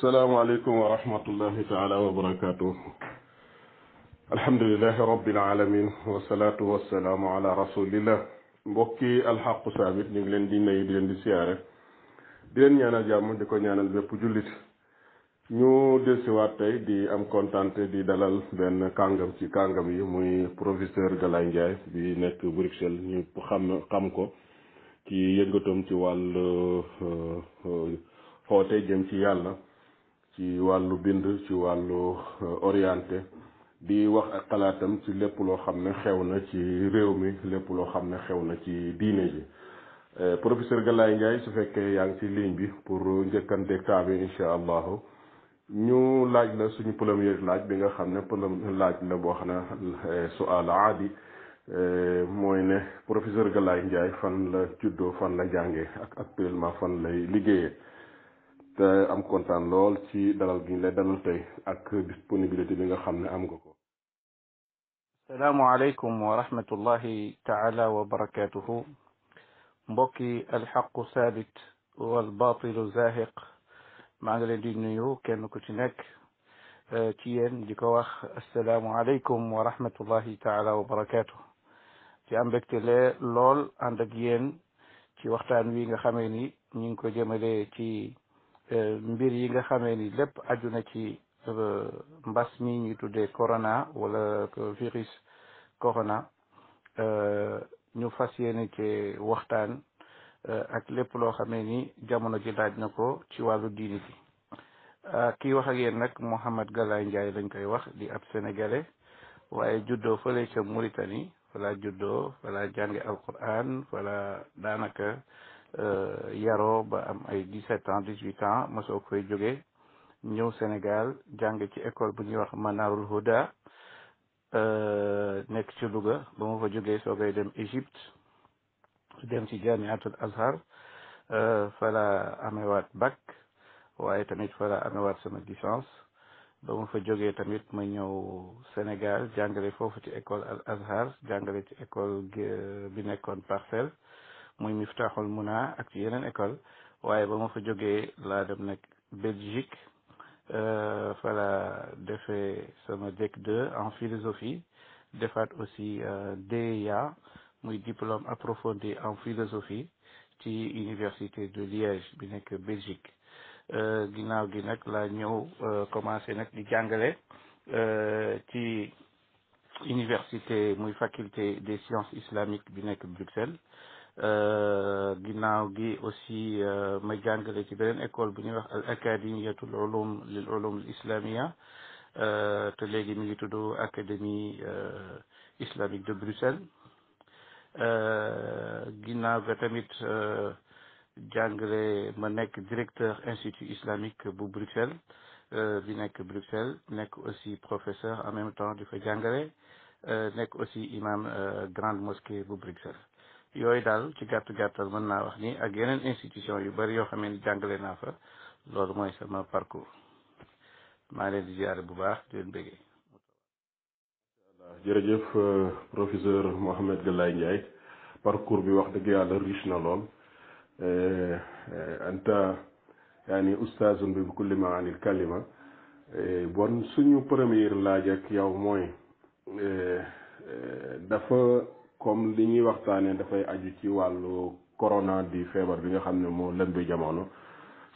salaamaaleykum wa rahmatullahi taala wa barakaatu. alhamdulilahi rabbil alamin wasalaatu wasalaamu ala rasulillah mbokki alxaqu saabit ñu ngi leen di nuyu di leen di siyaare di leen ñaanal jàmm di ko ñaanal bépp jullit ñu delsiwaat tey di am kontante di dalal benn kàngam ci kàngam yi muy professeur Galaye Ndiaye bi nekk Bruxelles ñu xam xam ko ci yëngatam ci wàll xoote euh, euh, jëm ci yàlla ci wàllu bind ci wàllu euh, orienté di wax ak xalaatam ci lépp loo xam ne xew na ci réew mi lépp loo xam ne xew na ci diine ji euh, professeur Galaye Ndiaye su fekkee yaa ngi ci ligne bi pour njëkkante kaa bi incha allahu ñu laaj la suñu premier laaj bi nga xam ne premier laaj la boo xam ne euh, sual aadi mooy ne professeur Galaye Ndiaye fan la juddoo fan la jàngee ak actuellement fan lay liggéeyee. te am kontaan lool ci dalal gi lay dalal tey ak disponibilité bi nga xam ne am nga ko السلام عليكم ورحمة الله تعالى وبركاته مبكي الحق ثابت والباطل زاهق مع الذي نيو كان كتنك تيان ديكواخ السلام عليكم ورحمة الله تعالى وبركاته تي ام لول عندك ين تي وقتان وي nga xamé ni ñing ko ci E, mbir yi nga xamee ni lépp aju na ci e, mbas mi ñuy tuddee corona wala virus corona e, ñu fas yéene ci waxtaan ak lépp loo xamee ni jamono ji laaj na ko ci wàllu diini bi kii wax ak yéen nag Mouhamed Galaye Ndiaye lañ koy wax di ab sénégalais waaye juddoo fële ca Mauritanie fala juddoo fala jànge alquran fala daanaka Euh, yaro ba am ay dix-sept ans dix-huit ans mosoo koy joge ñëw Sénégal jàng ci école bu ñuy wax Manarul Huda euh, nekk ci Louga ba ma fa jógee soo koy dem Égypte dem ci Jamiatul Azhar euh, fa la amewaat bak waaye tamit fa la amewaat sama licence ba ma fa jógee tamit ma ñëw Sénégal jàngale foofu ci école Al Azhar jàngale ci école bi nekkoon Parcelles muy Miftaaxul Muna ak ci yeneen école waaye ba ma fa jógee laa dem nag Belgique euh, fa la defee sama e DEC 2 en philosophie defaat aussi euh, DEA muy diplôme approfondi en philosophie ci université de Liège bi nekk Belgique euh, ginnaaw gi nag laa ñëw commencé nag di jàngale ci université muy faculté des sciences islamiques bi nekk Bruxelles euh, ginnaaw gi aussi euh, ma jàngale ci beneen école bu ñuy wax al académiatul ulum lil ulum al islamia euh, te léegi mi ngi tudd académie islamique de Bruxelles ginnaaw ga tamit jàngale ma nekk directeur institut islamique bu Bruxelles bi nekk Bruxelles nekk aussi professeur en même temps di fa jàngale nekk aussi imam grande mosquée bu Bruxelles yooyu daal ci gàttu gàttal mën naa wax ni ak yeneen institution yu bari yoo xam ni jàngale naa fa loolu mooy sama parcours maa leen di ziare bu baax di leen bëggee. jërëjëf euh, professeur Mouhamed Galaye Ndiaye parcours bi wax dëgg yàlla riche na lool euh, euh, anta yaani ustaazun bi kulli maanil kalima bon suñu première laaj ak yow mooy dafa. comme li ñuy waxtaanee dafay aj ci wàllu corona di feebar bi nga xam ne moo lëmbi jamono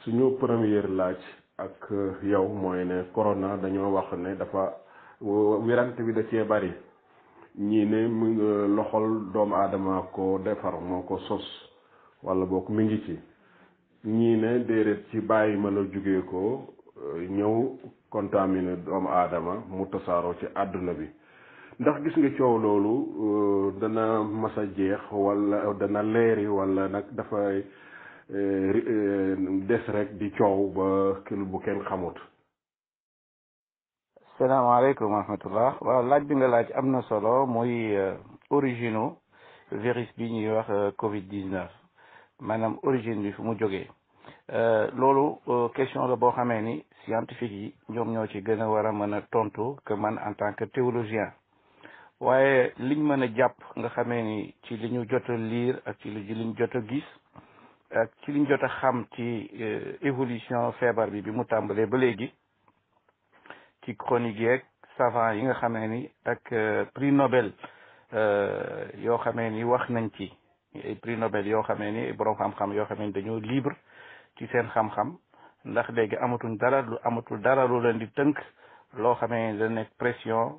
suñu première laaj ak yow mooy ne corona dañoo wax ne dafa wirante bi da bari ñii ne mu loxol doomu aadama ko defar moo ko sos wala boog mi ngi ci ñii ne déedéet ci bàyyi ma la jugee ko ñëw contaminé doomu aadama mu tasaaroo ci àdduna bi ndax gis nga coow loolu euh, dana mas jeex wala dana leeri wala nag dafay euh, euh, des rek di coow ba kil bu kenn xamut salaamaaleykum wa rahmatullah waaw laaj bi nga laaj am na solo muy origine virus bi ñuy wax covid 19 maanaam origine bi fu mu jógee loolu question la boo xamee ni scientifique yi ñoom ñoo ci gën a war a mën a tontu que man en tant théologien waaye liñ mën a jàpp nga xamee ni ci li ñu jot a liir ak ci li jot a gis ak ci liñ jot a xam ci euh, évolution feebar bi bi mu tàmbalee ba léegi ci chronique yeeg savant yi nga xamee ni ak euh, prix Nobel euh, yoo xamee ni wax nañ ci prix Nobel yoo xamee ni borom xam-xam yoo xamee ni dañoo libre ci seen xam-xam ndax léegi amatuñ dara lu amatul dara lu leen di tënk loo xamee ni da nekk pression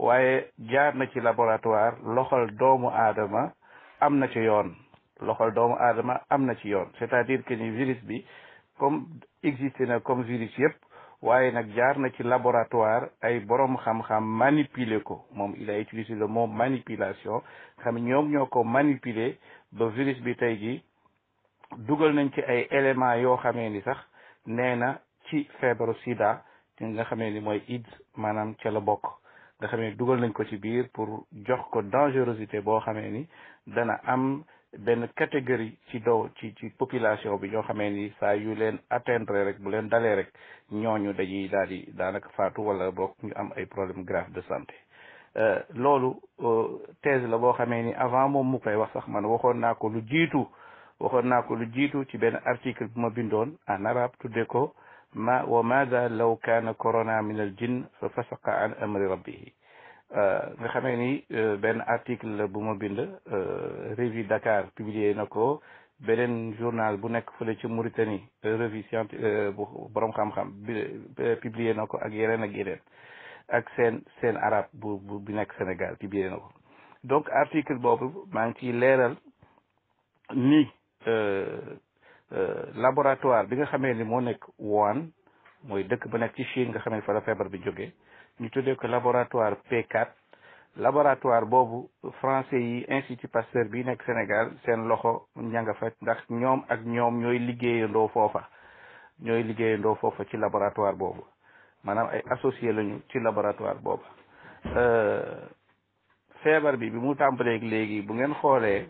waaye jaar na ci laboratoire loxol doomu aadama am na ci yoon loxol doomu aadama am na ci yoon c'est-à-dire que ni virus bi comme existé na comme virus yëpp waaye nag jaar na ci laboratoire ay borom xam-xam manipuler ko moom il a utilisé le mot manipulation xam ñoom ñoo ko manipuler ba virus bi tey jii dugal nañ ci ay éléments yoo xamee ni sax nee na ci feebaru sida ci nga xamee ni mooy AIDS maanaam ca la bokk nga xam dugal nañ ko ci biir pour jox ko dangerosité boo xamee ni dana am benn catégorie ci dow ci ci population bi ñoo xamee ni saayu leen atteindre rek bu leen dalee rek ñooñu dañuy daal daanaka faatu wala boog ñu am ay problème grave de santé euh, loolu euh, thèse la boo xamee ni avant moom mu koy wax sax man waxoon naa ko lu jiitu waxoon naa ko lu jiitu ci benn article bu ma bindoon en arabe tuddee ko ما وماذا لو كان كورونا من الجن ففسق عن أمر ربه nga xamee ni benn article la bu ma bind revue Dakar publié na ko beneen journal bu nekk fële ci Mauritanie revue scient bu borom xam-xam publié na ko ak yeneen ak yeneen ak seen seen arab bu bi nekk Sénégal publié na ko donc article boobu maa ngi ciy leeral ni Euh, laboratoire bi nga xamee ni moo nekk Wuhan mooy dëkk ba nekk ci Chine nga xamee fa la feebar bi jóge ñu tuddee ko laboratoire P4 laboratoire boobu français yi institut Pasteur bi nekk Sénégal seen loxo ñanga fa ndax ñoom ak ñoom ñooy liggéeyandoo foofa ñooy liggéeyandoo foofa ci laboratoire boobu maanaam ay associé lañu ci laboratoire boobu euh, feebar bi bi mu tàmbalee léegi bu ngeen xoolee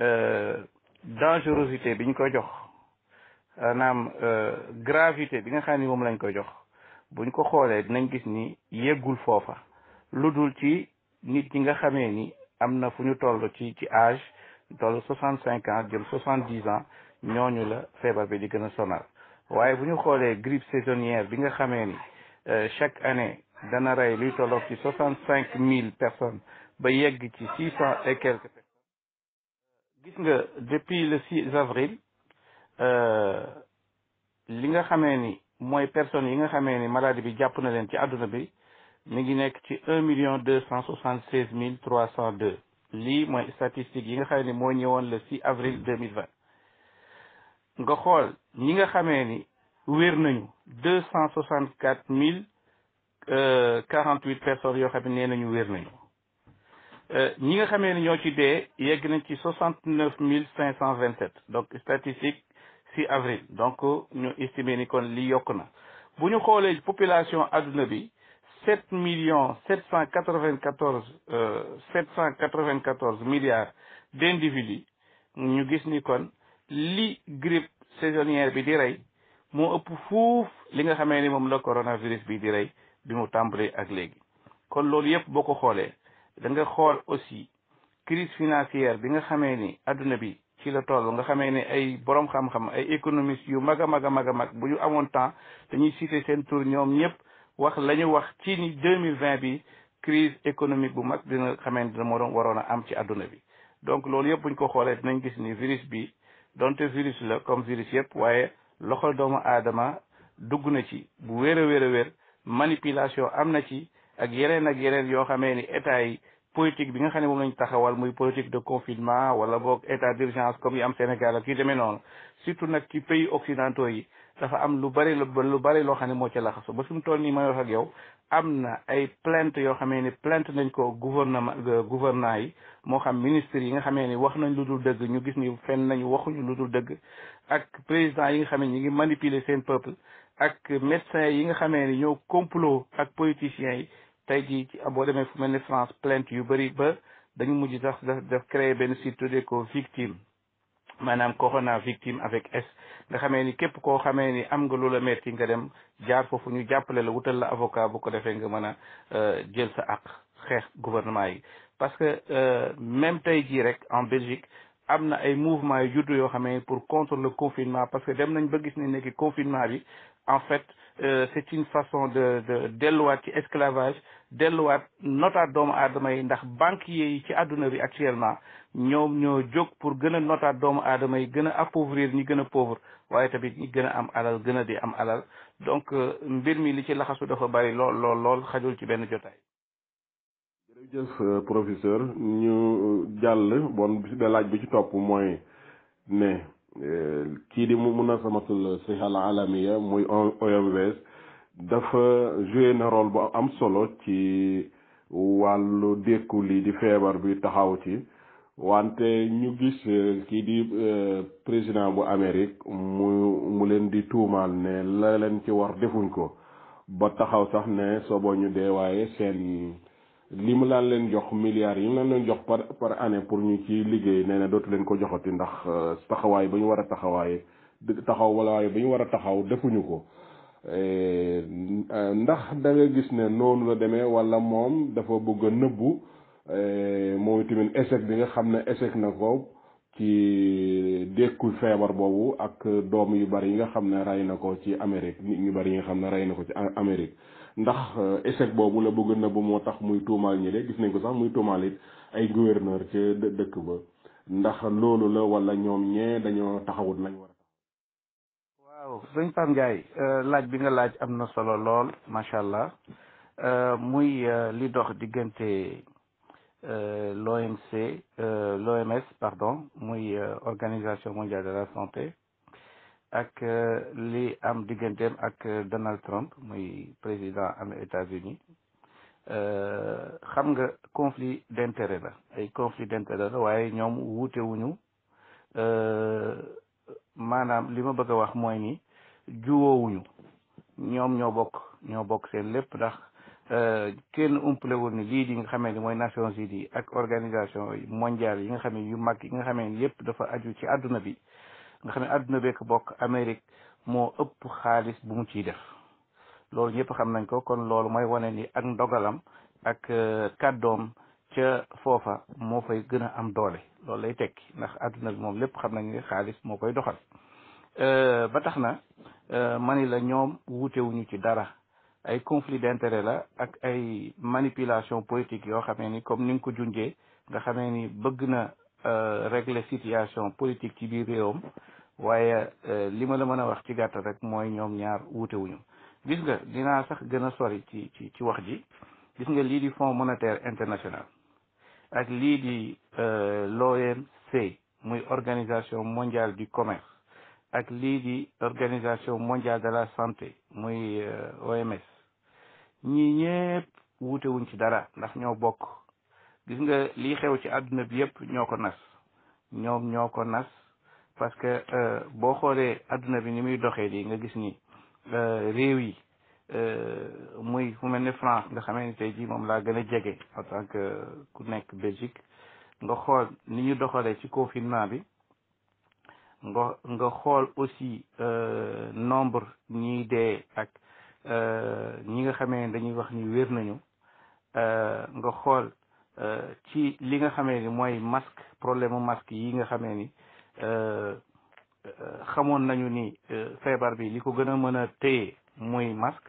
euh, dangerosité bi ñu koy jox maanaam euh, gravité bi nga xam ni moom lañ ko jox buñ ko xoolee dinañ gis ni yeggul foofa lu dul ci nit ñi nga xamee ni am na fu ñu toll ci ci âge toll soixante cinq ans jël soixante dix ans ñooñu la feebar bi di gën a sonal waaye bu ñu xoolee grippe saisonnière bi nga xamee ni euh, chaque année dana rey luy tolloog ci soixante cinq mille personnes ba yegg ci six cent et quelques gis nga depuis le 6 avril euh, li nga xamé ni moy personnes yi nga xamé ni maladie bi japp na len ci aduna bi mi ngi nek ci un million deux statistique yi nga xamé ni mo ñewon le 6 avril 2020 nga xol ñi nga xamé ni wër nañu deux cent euh, personnes yo xamé nañu wér nañu euh, ñi nga xamee ni ñoo ci dee yegg nañ ci 69527 donc statistique si avril donc ñu estimé ni kon li yokk na bu ñu xoolee population adduna bi 7 millions 794 794 euh, milliards d' individus ñu gis ni kon li grippe saisonnière bi di rey moo ëpp fuuf li nga xamee ni moom la coronavirus bi di rey bi mu tàmbalee ak léegi kon loolu yëpp boo ko xoolee da nga xool aussi crise financière bi nga xamee ni àdduna bi ci la toll nga xamee ne ay borom xam-xam ay économistes yu mag a mag a mag a mag bu ñu amoon temps dañuy citer seen tour ñoom ñëpp wax la ñu wax ci ni deux mille vingt bi crise économique bu mag dina xamee ne dina moo doon waroon a am ci àdduna bi donc loolu yëpp ñu ko xoolee dinañ gis ni virus bi donte virus la comme virus yëpp waaye loxol doomu aadama dugg na ci bu wér a wér a wér manipulation am na ci ak yeneen ak yeneen yoo xamee ni état yi politique bi nga xam ne moom lañ taxawal muy politique de confinement wala boog état d'urgence comme i am Sénégal ak yu demee noonu surtout nag ci pays occidentaux yi dafa am lu bari lu bari loo xam ne moo ci laxasu ba suñu toll nii may wax ak yow am na ay plainte yoo xamee ni plainte nañ ko gouvernement euh, gouvernement yi moo xam ministre yi nga xamee ni wax nañ lu dul dëgg ñu gis ni fenn nañu waxuñu lu dul dëgg ak président yi nga xamee ni ñu ngi manipuler seen peuple ak médecins yi nga xamee ni ñoo complot ak politiciens yi tey jii ci boo demee fu mel ni France plainte yu bari ba dañu mujj sax daf créer benn site tuddee ko victime maanaam corona victime avec S nga xamee ni képp koo xamee ni am nga lu la metti nga dem jaar foofu ñu jàppale la wutal la avocat bu ko defee nga mën a euh, jël sa àq xeex gouvernement yi parce que euh, même tey jii rek en Belgique am na ay mouvement yu juddu yoo xamee pour contre le confinement parce que dem nañ ba gis ni nekki confinement bi en fait euh, c'est une façon de de delluwaat ci esclavage delluwaat notaat doomu aadama yi ndax banquiers yi ci àdduna bi actuellement ñoom ñoo jóg pour gën a notaat doomu aadama yi gën a appauvrir ñi gën a pauvre waaye tamit ñi gën a am alal gën a di am alal donc euh, mbir mi li ci laxasu dafa bari lool lool xajul ci benn jotaay. jërëjëf euh, professeur ñu euh, jàll bon bi laaj bi ci topp mooy ne kii di mu munasamatul siha al alamiya muy OMVS. dafa joué na rôle bu am solo ci wàllu dékku lii di feebar bi taxaw ci wante ñu gis euh, kii di euh, président bu amerique mu mu leen di tuumaal ne la leen ci war defuñ ko ba taxaw sax ne sobo ñu dee waaye seen li mu laan leen jox milliards yi mu laan leen jox par par année pour ñu ci liggéey nee na dootu leen ko joxati ndax euh, taxawaay ba ñu war a taxawaay taxaw wala waaye ba ñu war a taxaw defuñu ko Eh, ndax da gis ne noonu la demee wala moom dafa bëgg a nëbbu eh, moom tamit échec bi nga xam ne échec na ko ci dékkul feebar boobu ak doom yu bari yi nga xam ne rey na ko ci Amérique nit ñu bari yi nga xam ne rey na ko ci Amérique ndax eh, échec boobu la bëgg a nëbbu moo tax muy tuumaal ñi de gis nañ ko sax muy tuumaal it ay gouverneur ca dëkk ba ndax loolu la wala ñoom ñee dañoo taxawut nañ war waaw sëñ Pape Ndiaye euh, laaj bi nga laaj am na solo lool macha allah euh, muy euh, li dox diggante l'OMC l'OMS pardon muy organisation mondiale de la santé ak li am digganteem ak Donald Trump muy président am États-Unis xam nga conflit d'intérêt la ay conflit d'intérêt la waaye ñoom wuute wuñu maanaam li ma bëgg a wax mooy ni juwoowuñu ñoom ñoo bokk ñoo bokk seen lépp ndax euh, kenn umpale woon ni lii di nga xamee ni mooy Nations Unies ak organisation mondial yi nga xam ne yu mag yi nga xamee ni yëpp dafa aju ci àdduna bi nga xam ne àdduna bekk bokk Amérique moo ëpp xaalis bu mu ciy def loolu ñëpp xam nañ ko kon loolu mooy wane ni ak ndogalam ak euh, kàddoom ca foofa moo fay gën a am doole loolu lay tekki ndax àdduna bi moom lépp xam nañ ne xaalis moo koy doxal euh, ba tax na euh, mani la ñoom wuutewuñu ci dara ay conflit d'intérêt la ak ay manipulation politique yoo xamee ni comme ni nga ko junjee nga xamee ni bëgg na euh, réglé situation politique ci biir réewam waaye li ma la mën a wax ci gàttal rek mooy ñoom ñaar wuutewuñu gis nga dinaa sax gën a sori ci ci ci wax ji gis nga lii di Fonds monétaire international ak lii di euh, l'OMC muy organisation mondiale du commerce ak lii di organisation mondiale de la santé muy euh, OMS ñii ñëpp wuute ci dara ndax ñoo bokk gis nga lii xew ci àdduna bi yëpp ñoo ko nas ñoom ñoo ko nas parce que euh, boo xoolee àdduna bi ni muy doxee lii nga gis ni réew yi Euh, muy mu mel ni France nga xamee ni tey jii moom laa gën a jege en tant que ku nekk Belgique nga xool ni ñu doxalee ci confinement bi nga nga xool aussi euh, nombre ñiy dee ak euh, ñi nga xame ni dañuy wax ni wér nañu nga xool ci li nga xamee ni mooy masque problème mu masque yi nga xamee ni xamoon nañu ni feebar bi li ko gën a mën a téye muy masque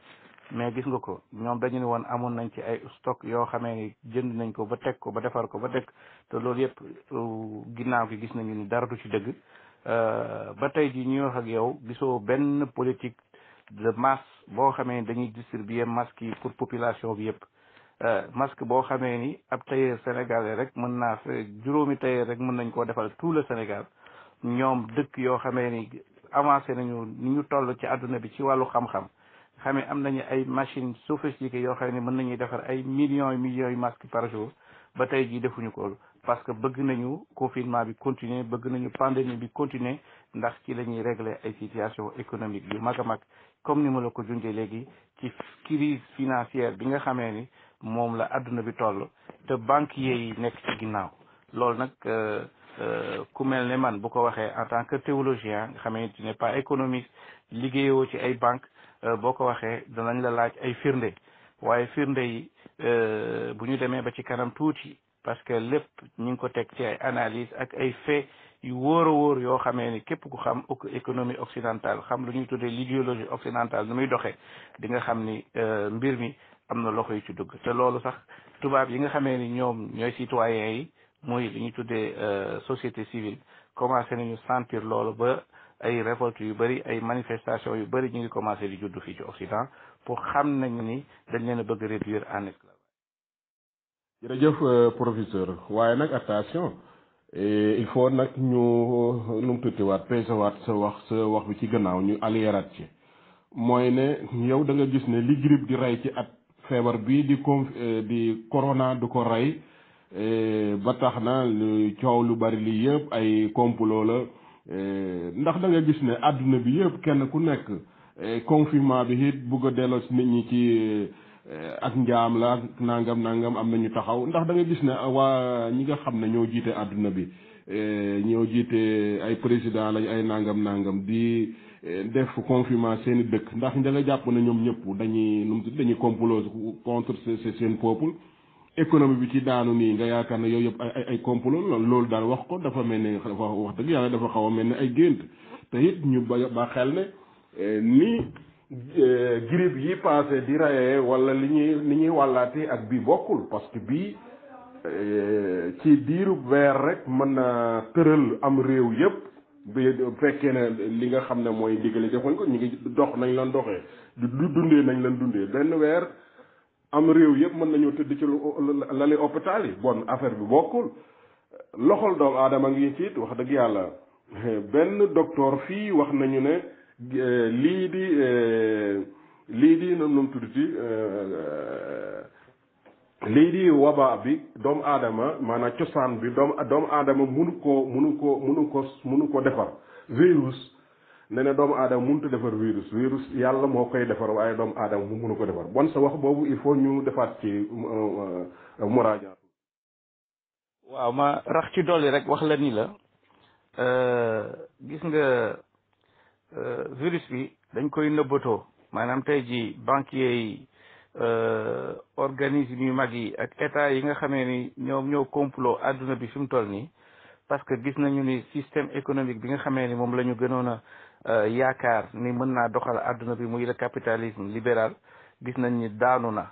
mais gis nga ko ñoom dañu ne woon amoon nañ ci ay stock yoo xamee ni jënd nañ ko ba teg ko ba defar ko ba teg te loolu yëpp euh, ginnaaw gi gis nañu ni dara du ci dëgg euh, ba tey ji ñuy wax ak yow gisoo benn politique de masse boo xamee ni dañuy distribuer masque yi pour population bi yëpp euh, masque boo xamee ni ab tailleur sénégalais rek mën naa juróomi tailleur rek mën nañ koo defal tout le Sénégal ñoom dëkk yoo xamee ni avancé nañu ni ñu toll ci àdduna bi ci wàllu xam xamee am nañu ay machine sophistiquées yoo xam ne mën nañuy defar ay millions millions yu masques par jour ba tey jii defuñu ko parce que bëgg nañu confinement bi continuer bëgg nañu pandémie bi continuer ndax ci la ñuy régler ay situation économique yu mag a mag comme ni ma la ko junjee léegi ci crise financière bi nga xamee ni moom la àdduna bi toll te banquiers yeey nekk ci ginnaaw loolu nag euh, euh, ku mel ne man bu ko waxee en tant que théologien nga xamee tu n'es pas ci ay banque Euh, boo ko waxee danañ la laaj ay firnde waaye firnde yi euh, bu ñu demee ba ci kanam tuuti parce que lépp ñu ngi ko teg ci ay analyse ak ay fait yu wóor a wóor yoo xamee ni képp ku xam économie occidentale xam lu ñuy tuddee l'idéologie occidentale nu muy doxee di nga xam ni euh, mbir mi am na loxo yu ci dugg te loolu sax tubaab yi nga xamee ni ñoom ñooy citoyens yi muy lu ñuy tuddee société civile commencé nañu sentir loolu ba ay révolte yu bëri ay manifestation yu bëri ñu ngi commencé di juddu fii ci Occident pour xam nañu ni dañ leen a bëgg réduire en esclavage. jërëjëf euh, professeur waaye nag attention il faut nag ñu euh, nu mu tuttiwaat pesewaat sa wax sa wax bi ci gannaaw ñu aliéraat ci mooy ne yow da nga gis ne li grippe di rey ci at feebar bii di con euh, di corona du ko rey ba tax na coow lu bari lii yëpp ay complot la. Eh, ndax danga gis ne àdduna bi yëpp kenn ku nekk eh, confinement bi it bugg a delloo si nit ñi ci eh, ak njaam la ak nangam nangam am na ñu taxaw ndax danga gis ne waa ñi nga xam ne ñoo jiite àdduna bi ñoo jiite ay président lañ ay nangam nangam di def confinement seeni dëkk ndax da nga jàpp ne ñoom ñëpp dañuy nu mu tudd dañuy complot contre seen peuple. économie bi ci daanu nii nga yaakaar ne yooyu yëpp ay ay complot loolu daan wax ko dafa mel ne dafa wax dëgg yàlla dafa xaw a mel ne ay gént te ñu ba ba xel ne eh, ni eh, grippe yi passé di rayee walla li ñuy li ñuy wàllaatee ak bii bokkul parce que bii eh, ci diiru weer rek mën na tëral am réew yëpp bi fekkee ne li nga xam ne mooy digale defuñ ko ñu ngi dox nañ lan doxee du dundee nañ lan dundee benn weer am réew yëpp mën nañoo tëdd ci lali hôpital yi bon affaire bi bokkul loxol doomu aadama ngi ciit wax dëgg yàlla benn docteur fii wax nañu ne eh, lii di eh, lii di noonu nu mu tudd ci eh, lii di wabaa bi doomu aadama maanaa cosaan bi doomu doomu aadama munu ko munu koo munu ko munu ko defar virus ne doomu aadama mënut a defar virus virus yàlla moo koy defar waaye doomu aadama mu mënu ko defar bon sa wax boobu il faut ñu defaat ci euh, euh, muraaja waaw ma rax ci dolli rek wax la ni la euh, gis nga virus bi dañ koy nëbbatoo maanaam tey ji banquier yi organise yu mag yi ak état yi nga xamee ni ñoom ñëw complot àdduna bi fi mu toll nii parce que gis nañu ni système économique bi nga xamee ni moom la ñu gënoon a Euh, yaakaar ni mën naa doxal àdduna bi muy le capitalisme libéral gis nañ ni daanu na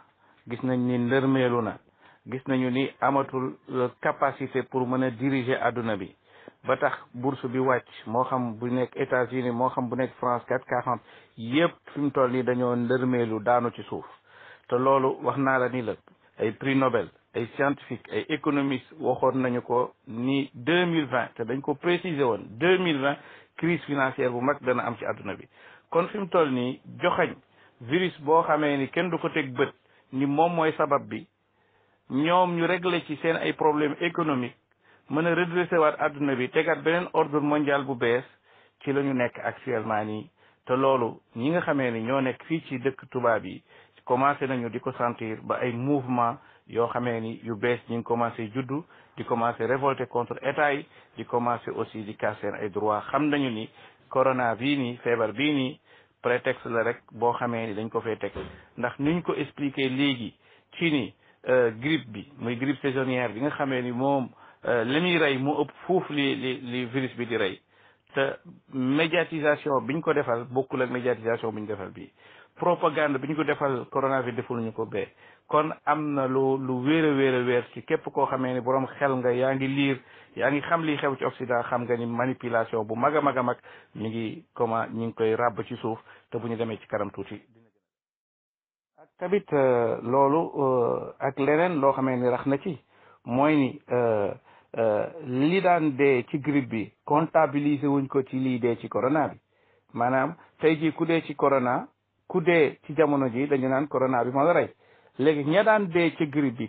gis nañ ni ndërmeelu na gis nañu ni amatul euh, capacité pour mën a diriger àdduna bi ba tax bourse bi wàcc moo xam bu nekk États-Unis moo xam bu nekk France quatre quarante yépp fi mu toll nii dañoo ndërmeelu daanu ci suuf te loolu wax naa la ni la ay prix Nobel ay scientifique ay économiste waxoon nañu ko ni deux mille vingt te dañ ko préciser woon deux mille vingt crise financière bu mag dana am ci àdduna bi kon fi mu toll nii joxañ virus boo xamee ni kenn du ko teg bët ni moom mooy sabab bi ñoom ñu régler ci seen ay problème économique mën a redresser waat àdduna bi tegaat beneen ordre mondiale bu bees ci la ñu nekk actuellement nii te loolu ñi nga xamee ni ñoo nekk fii ci dëkk tubaab yi commencé nañu di ko sentir ba ay mouvement yoo xamee ni yu bees ñi ngi commencé juddu di commencé révolter contre état yi di commencé aussi di casse ay droit xam nañu ni corona bii nii feebar bii nii prétexte la rek boo xamee ni dañ ko fee teg ndax niñ ko expliquer léegi ci ni euh, grippe bi muy grippe saisonnière bi nga xamee ni moom euh, li muy rey mu ëpp fuuf li li li virus bi di rey te médiatisation biñ ko defal bokkul ak médiatisation ñu defal bii propagande bi ñu ko defal coronavirus deful ñu ko bee kon am na lu lu wéer a wéer a ci képp koo xamee ni boroom xel nga yaa ngi liir yaa ngi xam li xew ci Occident xam nga ni manipulation bu mag a mag a mag ñu ngi comment ñu ngi koy ràbb ci suuf te bu ñu demee ci kanam tuuti. ak tamit euh, loolu euh, ak leneen loo xamee ni rax na ci mooy ni euh, li daan dee ci grippe bi comptabiliser wuñ ko ci lii dee ci corona bi maanaam tey jii ku dee ci corona ku dee ci jamono ji dañu naan corona bi moo la rey. léegi ña daan dee ca grippe bi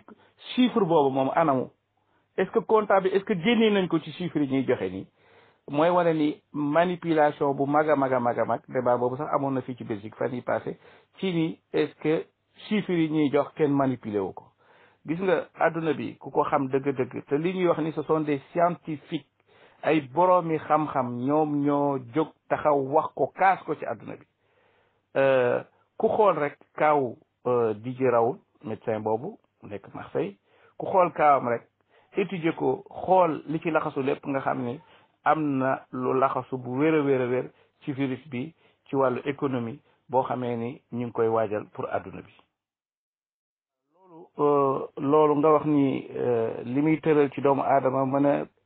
chiffre boobu moom anamu est-ce que comptable bi est-ce que génnee nañ ko ci chiffre yi ñuy joxe nii mooy wane ni manipulation bu mag a mag a mag a mag débat boobu sax amoon na fii ci Belgique fan yi passé ci ni est-ce que chiffre yi ñuy jox kenn manipuler wu ko gis nga àdduna bi ku ko xam dëgg-dëgg te li ñuy wax ni ce sont des scientifiques ay boroomi xam-xam ñoom ñoo jóg taxaw wax ko kaas ko ci àdduna bi euh, ku xool rek kaaw Euh, DJ Raoul médecin boobu nekk Marseille ku xool kaawam rek étudier ko xool li ci laxasu lépp nga xam ni am na lu laxasu bu wér a wér a wér ci virus bi ci wàllu économie boo xamee ni ñu ngi koy waajal pour adduna bi loolu euh, loolu nga wax ni euh, li muy tëral ci doomu aadama mën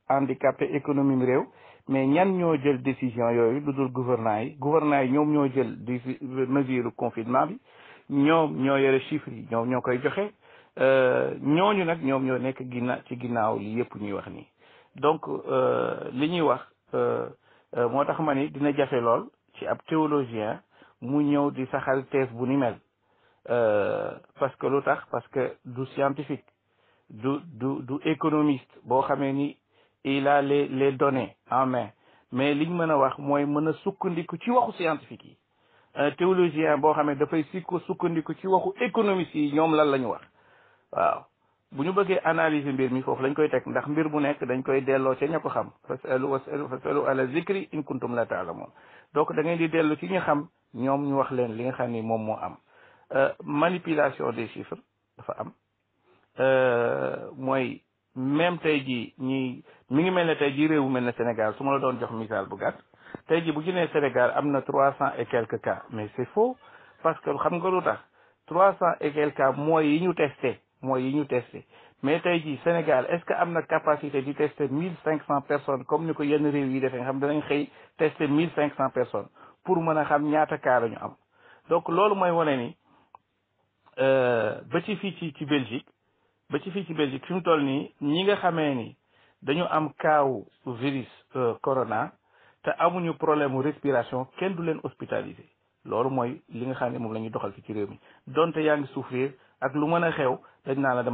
a handicapé économie mi réew mais ñan ñoo jël décision yooyu lu dul gouvernants yi gouvernants yi ñoom ñoo jël mesure confinement bi ñoom ñoo yore chiffres yi ñoo ñoo koy joxe euh, ñooñu nag ñoom ñoo nekk ginnaaw ci ginnaaw li yëpp ñuy wax nii donc euh, li ñuy wax euh, moo tax ma ni dina jafe lool ci ab théologien mu ñëw di saxal tees bu ni mel parce que lu tax parce que du scientifique du du du économiste boo xamee ni il les les données en main mais li ñu mën a wax mooy mën a sukkandiku ci waxu scientifique yi Euh, théologien boo xam ne dafay sikko sukkandiku ci waxu économie si ñoom lan la ñu wax waaw bu ñu bëggee analyser mbir mi foofu lañ koy teg ndax mbir bu nekk dañ koy delloo ca ña ko xam fasalu wasalu fasalu ala zikri in kuntum la taalamoon donc dangay di dellu ci ñu xam ñoom ñu wax leen li nga xam ni moom moo am euh, manipulation des chiffres dafa am euh, mooy même tey jii ñi mu ngi mel ne tey jii réew mel na Sénégal su ma la doon jox misaal bu gàtt tey ji bu que Sénégal il et quelques cas mais c'est faux parce que xam et quelques cas yi testé mais Sénégal est-ce que capacité de tester 1500 personnes comme que yenn tester 1500 personnes pour mëna xam ñaata cas donc ni euh, ba ci Belgique ba ci fi ci Belgique toll ñi nga virus euh, corona te amuñu problème de respiration kenn du leen li nga ne doxal ci mi souffrir ak lu a xew dañ naa la sa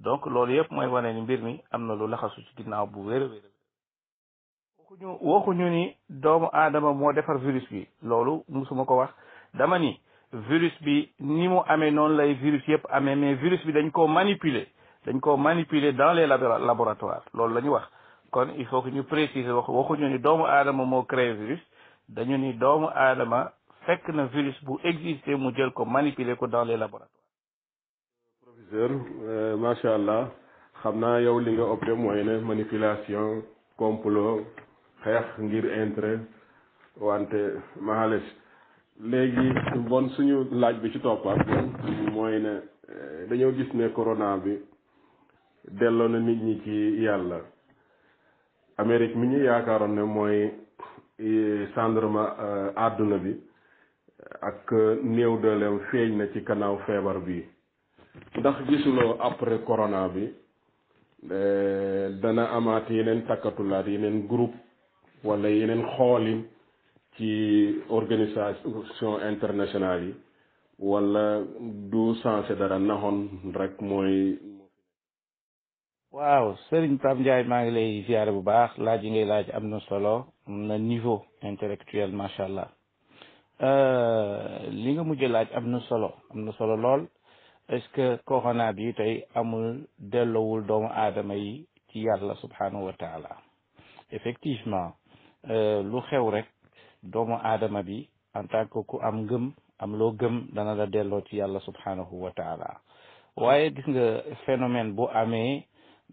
donc mbir mi lu laxasu ci ginnaaw bu ni virus bi loolu musuma ko wax dama ni virus bi ni virus yëpp amee mais virus bi dañ koo manipuler dañ dans les laboratoires loolu la wax kon il faut que ñu préciser wax waxuñu ni doomu aadama moo créé virus dañu ni doomu aadama fekk na virus bu exister mu jël ko manipuler ko dans les laboratoires. professeur euh, macha allah xam naa yow li nga opté mooy ne manipulation ngir intérêt wante mahales léegi bon suñu laaj bi ci toppaat mooy ne euh, dañoo gis ne corona bi delloo na nit ñi ci yàlla. Amérique mi ñu yaakaaroon ne mooy cendrema eh, eh, àdduna bi ak eh, néew dooleem feeñ na ci kanaaw feebar bi ndax gisuloo après corona bi dana amaat yeneen takkatulaat yeneen groupe wala yeneen xoolin ci organisation internationale yi wala du sensé dara naxoon rek mooy waaw Serigne Pape Ndiaye maa ngi lay ziare bu baax laaj yi ngay laaj am na solo na niveau intellectuel macha allah euh, li nga mujj laaj am na solo am na solo lool est-ce que corona bi tey amul delloowul doomu aadama yi ci yàlla subhanahu wa taala effectivement euh, lu xew rek doomu aadama bi en tant que ku am ngëm am loo gëm dana la delloo ci yàlla subhanahu wa taala waaye gis phénomène bu amee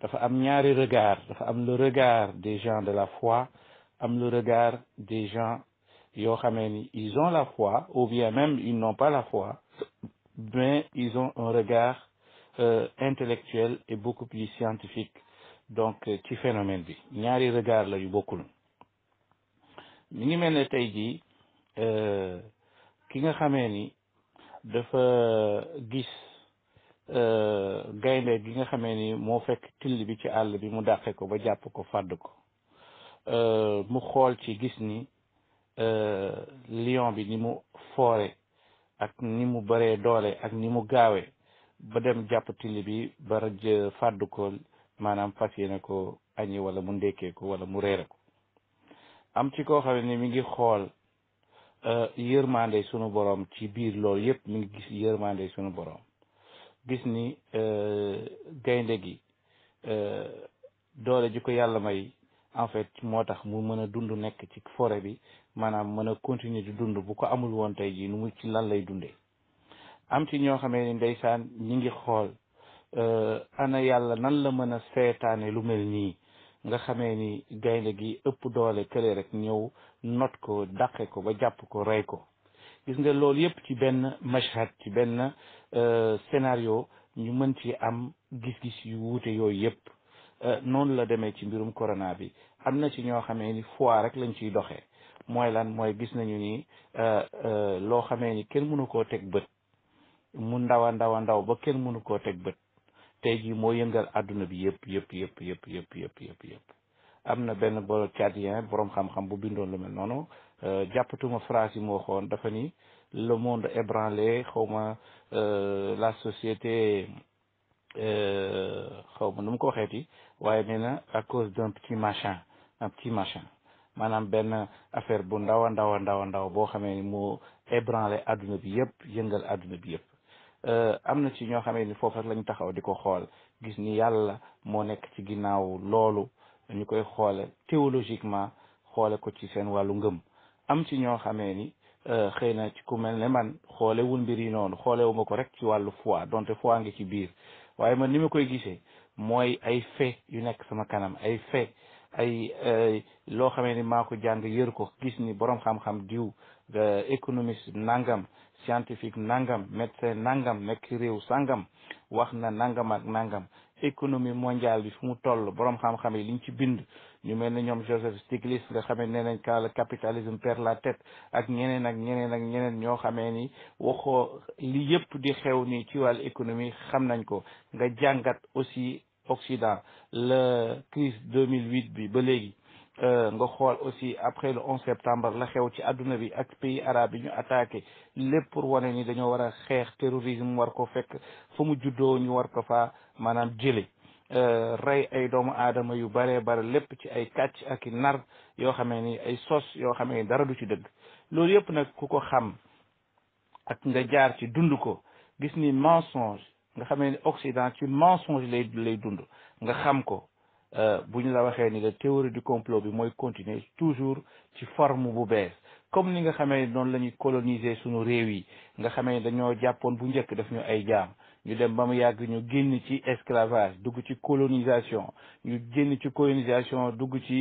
Il am regard le regard des gens de la foi am le regard des gens ils ont la foi ou bien même ils n'ont pas la foi mais ils ont un regard euh, intellectuel et beaucoup plus scientifique donc euh, ce phénomène bi ñaari regard là yu bokkul ngi Euh, gaynde gi nga xamee ni moo fekk till bi ci àll bi mu dàqe ko ba jàpp ko fàdd ko euh, mu xool ci gis ni euh, lion bi ni mu foore ak ni mu baree doole ak ni mu gaawe ba dem jàpp till bi ba rëj fàdd ko maanaam fas yéene ko añi wala mu ndekkee ko wala mu reere ko am ci koo xam ne mi ngi xool yërmande sunu borom ci biir loolu yëpp mu ngi gis yërmande sunu borom gis ni euh, gaynde gi euh, doole ji ko yàlla may en fait moo tax mu mën a dund nekk ci forêt bi maanaam mën a continuer di dund bu ko amul woon tey jii nu mu ci lan lay dundee am ci ñoo xamee ni ndeysaan ñi ngi xool euh, ana yàlla nan la mën a seetaane lu mel nii nga xamee ni gaynde gi ëpp doole kële rek ñëw not ko dàqe ko ba jàpp ko rey ko gis nga loolu yëpp ci benn mashhad ci benn euh, scénario ñu mën ci am gis-gis yu wuute yooyu yëpp euh, noonu la demee ci mbirum corona bi am na ci ñoo xamee ni fois rek lañ ciy doxee mooy lan mooy gis nañu ni euh, loo xamee ni kenn mënu koo teg bët mu ndawa ndawa ndaw ba kenn mënu koo teg bët te jii moo yëngal àdduna bi yëpp yëpp yëpp yëpp yëpp yëpp yëpp yëpp am na benn bo tchadien boroom xam-xam bu bindoon lu mel noonu Euh, jàppatuma phrase yi mu waxoon dafa ni le monde ébranlé xawma euh, la société euh, xawma nu mu ko waxeeti waaye nee na à cause d'un petit machin un petit machin maanaam benn affaire bu ndaw a ndaw a ndaw boo xamee ni moo ébranlé àdduna bi yëpp yëngal àdduna bi yëpp am na ci ñoo xamee ni foofu rek lañ taxaw di ko xool gis ni yàlla moo nekk ci ginnaaw loolu ñu koy xoole théologiquement xoole ko ci seen wàllu ngëm am ci ñoo xamee ni euh, xëy na ci ku mel ne man xoolewul mbir yi noonu xoolewu ma ko rek ci wàllu foi donte foi ngi ci biir waaye man ni ma koy gisee mooy ay fait yu nekk sama kanam ay fait ay euh, loo xamee ni maa ko jàng yër ko gis ni borom xam-xam diw euh, économiste nangam scientifique nangam médecin nangam nekk réew sangam wax na nangam ak nangam économie mondiale bi fu mu toll borom xam-xam yi liñ ci bind ñu mel ne ñoom Joseph Stiglitz nga xamee nee nañ ka le capitalisme perd la tête ak ñeneen ak ñeneen ak ñeneen ñoo xamee ni waxoo li yépp di xew ni ci wàllu économie xam nañ ko nga jàngat aussi Occident la crise 2008 bi ba léegi euh, nga xool aussi après le 11 septembre la xew ci àdduna bi ak pays arabe yi ñu attaqué lépp pour wane ni dañoo war a xeex terrorisme war ko fekk fa mu juddoo ñu war ko faa maanaam jële euh, rey ay doomu aadama yu bare bare lépp ci ay kàcc ak i nar yoo xamee ni ay sos yoo xamee ni dara du ci dëgg loolu yëpp nag ku ko xam ak nga jaar ci dund ko gis ni mensonge nga xamee ni Occident ci mensonge lay lay dund nga xam ko euh, bu ñu la waxee ni la théorie du complot bi mooy continuer toujours ci forme bu bees comme ni nga xamee noonu la ñuy coloniser suñu réew yi nga xamee ni dañoo jàppoon bu njëkk def ñu ay jaam ñu dem ba mu yàgg ñu génn ci esclavage dugg ci colonisation ñu génn ci colonisation dugg ci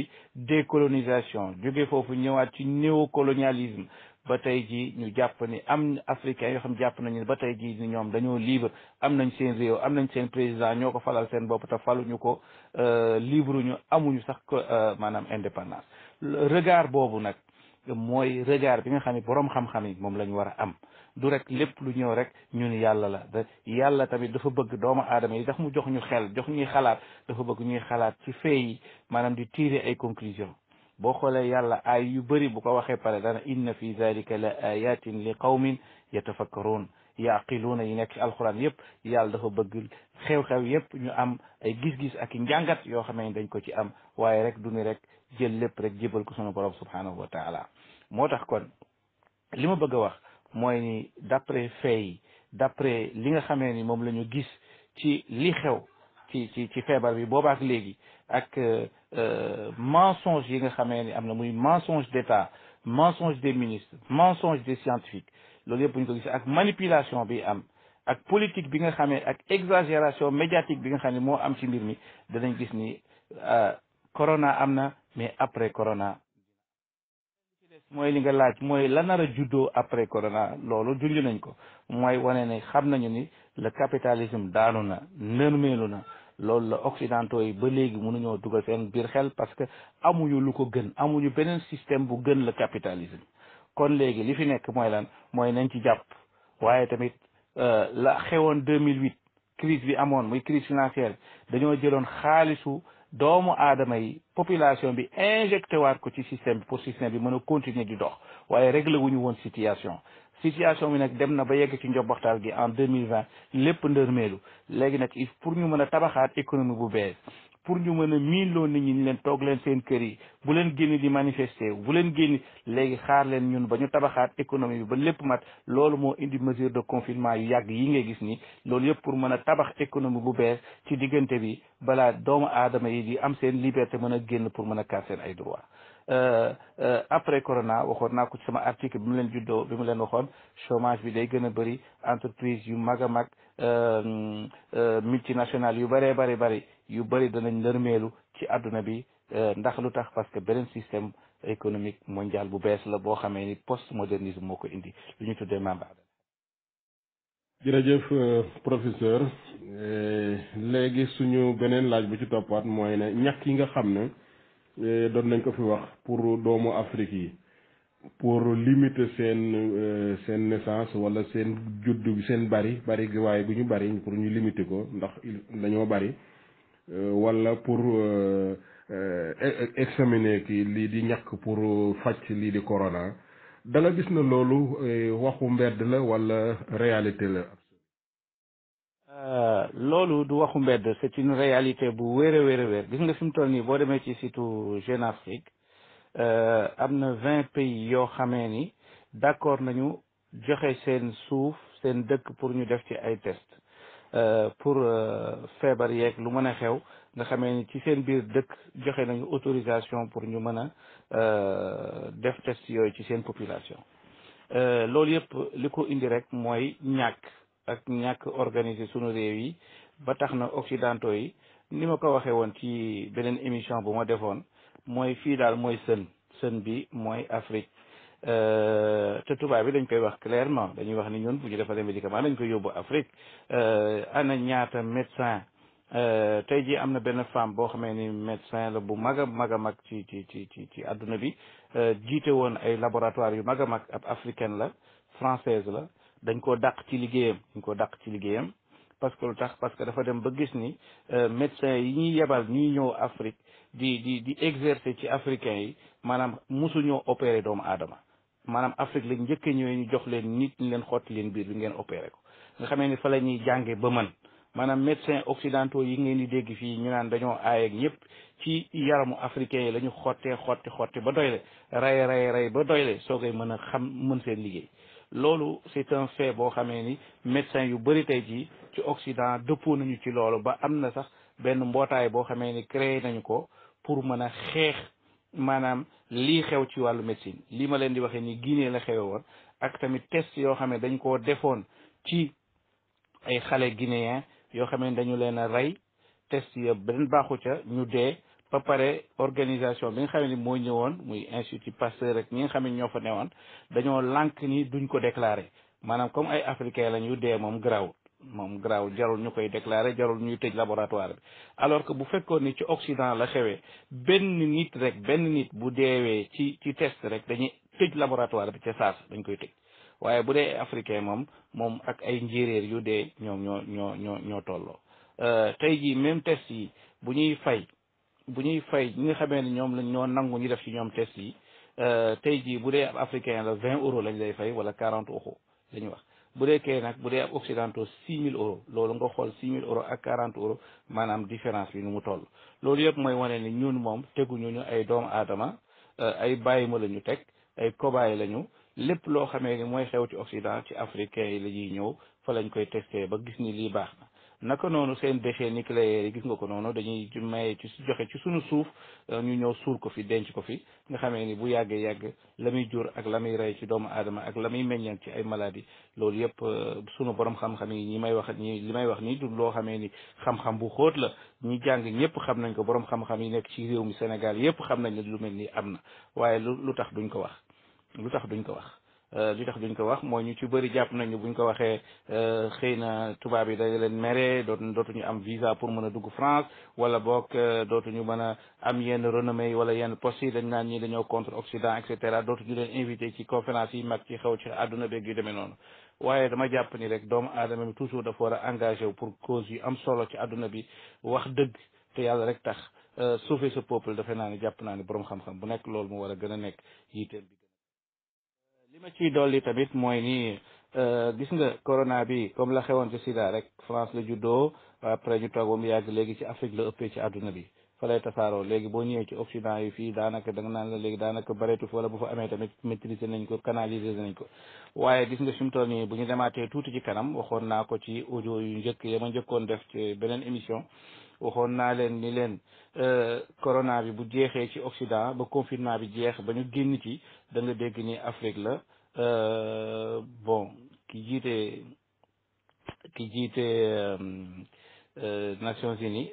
décolonisation jóge foofu ñëwaat ci néocolonialisme ba tey jii ñu jàpp ni am africain yoo xam jàpp nañu ba tey jii ñoom dañoo libre am nañ seen réew am nañ seen président ñoo ko falal seen bopp te faluñu ko euh, libre ñu amuñu sax ko euh, maanaam indépendance regard boobu nag mooy regard bi nga xam ne borom xam-xam yi moom la ñu war a am du rek lépp lu ñëw rek ñu ni yàlla la da yàlla tamit dafa bëgg doomu aadama yi tax mu jox ñu xel jox ñuy xalaat dafa bëgg ñuy xalaat ci fee yi maanaam di tirer ay conclusion boo xoolee yàlla ay yu bëri bu ko waxee pare dana inna fi zalika la ayatin li qawmin yatafakkaruun yaqiluuna yi nekk ci alquran yëpp yàlla dafa bëgg xew-xew yëpp ñu am ay gis-gis ak i njàngat yoo xam ne dañ ko ci am waaye rek du ni rek jël lépp rek jébal ko sunu borom subhanahu wa taala moo tax kon li ma bëgg a wax mooy ni d'après faits yi d'après li nga xamee ni moom la ñu gis ci li xew ci ci ci feebar bi boobaak léegi ak euh, euh, mensonge yi nga xamee ni am na muy mensonge d'État mensonge des ministres mensonge des scientifiques loolu yëpp bu ñu ko gisee ak manipulation bi am ak politique bi nga xamee ak exagération médiatique bi nga xam ne moo am ci mbir mi danañ gis ni euh, corona am na mais après corona mooy li nga laaj mooy la nar a après corona loolu junj nañ ko mooy wane ne xam nañu ni la capitalisme daanu na nërmeelu na loolu la occidentaux yi ba léegi mënuñoo dugal seen biir xel parce que amuñu lu ko gën amuñu beneen système bu gën la capitalisme kon léegi li fi nekk mooy lan mooy nañ ci jàpp waaye tamit euh, la xewoon 2008 crise bi amoon muy crise financière dañoo jëloon xaalisu doomu aadama yi population bi injecté waat ko ci système bi pour système bi mën a continuer di dox waaye réglé wu ñu woon situation situation bi nag dem na ba yegg ci njobbaxtaal gi en deux mille vingt lépp ndërmeelu léegi nag il pour ñu mën a tabaxaat économie bu bees pour ñu mën a loo ni ñi ñu leen toog leen seen kër yi bu leen génn di manifester bu leen génn léegi xaar leen ñun ba ñu tabaxaat économie bi ba lépp mat loolu moo indi mesure de confinement yu yàgg yi ngay gis ni loolu yëpp pour mën a tabax économie bu bees ci diggante bi balaa doomu aadama yi di am seen liberté mën a génn pour mën a kaar seen ay droit euh, euh, après corona waxoon naa ko ci sama article bi mu leen juddoo bi mu leen waxoon chômage bi day gën a bëri entreprise yu mag a mag euh, multinationales yu bëree bëri bëri yu bëri danañ lërmeelu ci àdduna bi euh, ndax lu tax parce que beneen système économique mondial bu bees la boo xamee ni postmodernisme moo ko indi lu ñu tuddee mambaada jërëjëf euh, professeur euh, léegi suñu beneen laaj bu ci toppaat mooy ne ñàkk yi nga xam ne doon nañ ko fi wax pour doomu Afrique yi pour limiter seen seen naissance wala seen juddu bi seen bari bari gi waaye gu ñu bari pour ñu limiter ko ndax dañoo bari Euh, wala pour euh, euh, e-, e-, examiner kii lii di ñàkk pour faj lii di corona da gis na loolu eh, waxu mbedd la wala réalité la. loolu du waxu mbedd c'est une réalité bu wéer a wéer a gis nga fi mu toll nii boo demee ci surtout Jeune Afrique am na vingt pays yoo xamee ni d'accord nañu joxe seen suuf seen dëkk pour ñu def ci ay test Euh, pour euh, feebar yeeg lu mën a xew nga xame ni ci seen biir dëkk joxe nañu autorisation pour ñu mën a euh, def test yooyu ci seen population loolu yëpp li ko indi rek mooy ñàkk ak ñàkk organiser suñu réew yi ba tax na occidentaux yi ni ma ko waxee woon ci beneen émission bu ma defoon mooy fii daal mooy sën sën bi mooy Afrique Eh, te tubaab bi dañ koy wax clairement dañuy wax ni ñun bu ñu defalee médicament dañ koy yóbbu Afrique eh, ana ñaata médecin eh, tey jii am na benn femme boo xamee ni médecin la bu mag a mag a mag ci ci ci ci ci àdduna bi jiite woon ay laboratoire yu mag a mag ab africaine la française la dañ koo dàq ci liggéeyam dañ koo dàq ci liggéeyam parce que lu tax parce que dafa dem ba gis ni médecin yi ñuy yebal ñuy ñëw Afrique di di di ci africain yi maanaam mosuñoo opérer doomu aadama maanaam Afrique lañ njëkkee a ñëwee ñu jox leen nit leen xotti leen biir bi ngeen opéré ko nga xamee ni fa la ñuy jàngee ba mën maanaam médecins occidentaux yi ngeen di dégg fii ñu naan dañoo aay ak ci yaramu africain yi la ñu xottee xotti xotti ba doyle ray ray ray ba doy le soogay mën a xam mën seen liggéey loolu c'est un fait boo xamee ni médecins yu bëri tey jii ci Occident dëppoo nañu ci loolu ba am na sax benn mbootaay boo xamee ni créé nañu ko pour mën a xeex maanaam lii xew ci wàllu médecine lii ma leen di waxee ni Guinée la xewe woon ak tamit test yoo xam ne dañ koo defoon ci ay xale guinéen yoo xam ne dañu leen a rey test ya benn baaxu ca ñu dee ba pare organisation bi nga xam ne moo ñëwoon muy institut Pasteur rek ñi nga xam ne ñoo fa newoon dañoo lank ni duñ ko déclaré maanaam comme ay africain lañu dee moom garaawul moom garaaw jarul ñu koy déclarer jarul ñuy tëj laboratoire bi alors que bu fekkoon ni ci Occident la xewee benn nit rek benn nit bu deewee ci ci test rek dañuy tëj laboratoire bi ca saas dañ koy tëj waaye bu dee africain moom moom ak ay njéeréer yu dee ñoom ñoo ñoo ñoo ñoo tolloo euh, tey jii même test yi bu ñuy fay bu ñuy fay ñi nga xamee ne ñoom lañ ñoo nangu ñu def ci ñoom test yi euh, tey jii bu dee africain la vingt euro lañ lay fay wala quarante euros la ñu wax bu dee kee nag bu dee ab occidentaux six mille euros loolu nga xool six mille euros ak quarante euros maanaam différence bi nu mu toll loolu yëpp mooy wane ni ñun moom teguñu ñu ay doomu aadama euh, ay bàyyi ma la ñu teg ay cobaye la ñu lépp loo xamee ni mooy xew ci Occident ci africain yi la ñuy ñëw fa lañ koy testé ba gis ni lii baax na naka noonu seen déchets nucléaires yi gis nga ko noonu dañuy maye ci su joxee ci suñu suuf euh, ñu ñëw suur ko fi denc ko fi nga xamee ni bu yàggee yàgg la muy jur ak la muy rey ci doomu aadama ak la muy meññal ci ay maladies loolu yëpp euh, sunu borom xam-xam yi ñi may wax ñi li may wax nii du loo xamee ni xam-xam bu xóot la ñi jàng ñëpp xam nañ ko borom xam-xam yi nekk ci réew mi Sénégal yëpp xam nañ ne lu mel nii am na waaye lu lu tax duñ ko wax lu tax duñ ko wax. Euh, li tax duñ ko wax mooy ñu ci bëri jàpp nañu bu ñu ko waxee euh, xëy na tubaab yi dañu leen mere dootu dootuñu am visa pour mën a dugg France wala boog euh, dootuñu mën a am yenn renommée yi wala yenn poste yi dañ naan ñi dañoo contre Occident et cetera dootuñu leen invité ci conférence yi mag ci xew ci àdduna beeg yu demee noonu waaye dama jàpp ni rek doomu aadama toujours dafa war a engagé wu pour cause yu am solo ci àdduna bi wax dëgg te yàlla rek tax sauver ce peuple defe naa ne jàpp naa ne boroom xam bu nekk loolu mu gën a nekk yiteen bi li ma ciy dolli tamit mooy nii euh, gis nga corona bi comme la xewoon ci Sida rek France la juddoo après ñu toog ba mu yàgg léegi ci Afrique la ëppee ci àdduna bi fa lay tasaaroo boo ñëwee ci Occident yi daanaka da naan la léegi daanaka bareetu fi wala bu ko canaliser nañ ko waaye gis nga fi mu toll nii bu ñu demaatee tuuti ci kanam waxoon naa ko ci audio yu njëkk ya ma njëkkoon def ci beneen émission waxoon naa leen ni leen euh, corona bi bu jeexee ci Occident ba confinement bi jeex ba ñu génn ci da dégg ni Afrique la euh, bon ki jiite ki jiite euh, euh, Nations Unies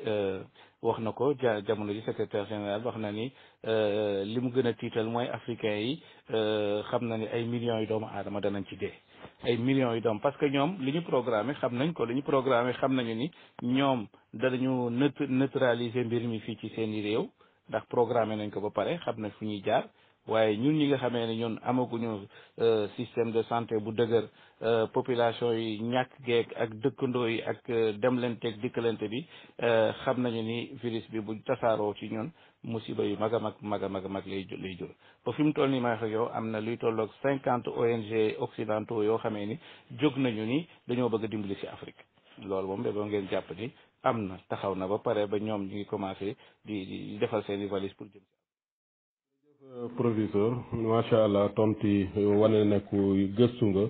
wax na ko ja jamono ji secrétaire général wax na ni li mu gën a tiital mooy africain yi xam na ni ay millions yu doomu aadama danañ ci dee ay millions yu doom parce que ñoom li ñu programmé xam nañ ko li ñu programmé xam nañu ni ñoom danañu neutraliser mbir mi fii ci seeni réew ndax programmé nañ ko ba pare xam nañ fu ñuy jaar waaye ñun ñi nga xamee ne ñun amaguñu euh, système de santé bu dëgër euh, population yi ñàkk geeg ak dëkkandoo yi ak euh, demlanteeg dikkalante bi xam nañu ni virus bi bu tasaaroo ci ñun musiba yu mag a mag mag a mag mag lay lay jur ba fi mu toll nii may wax ak yow am na luy tolloog cinquante ONG occidentaux yoo xamee ni jóg nañu ni dañoo bëgg dimbali ci Afrique loolu moom béboo ngeen jàpp ni am na taxaw na ba pare ba ñoom ñu ngi commencé di di defal seen i valise pour jëm proviseur macha allah tontu wala wane na ku gëstu nga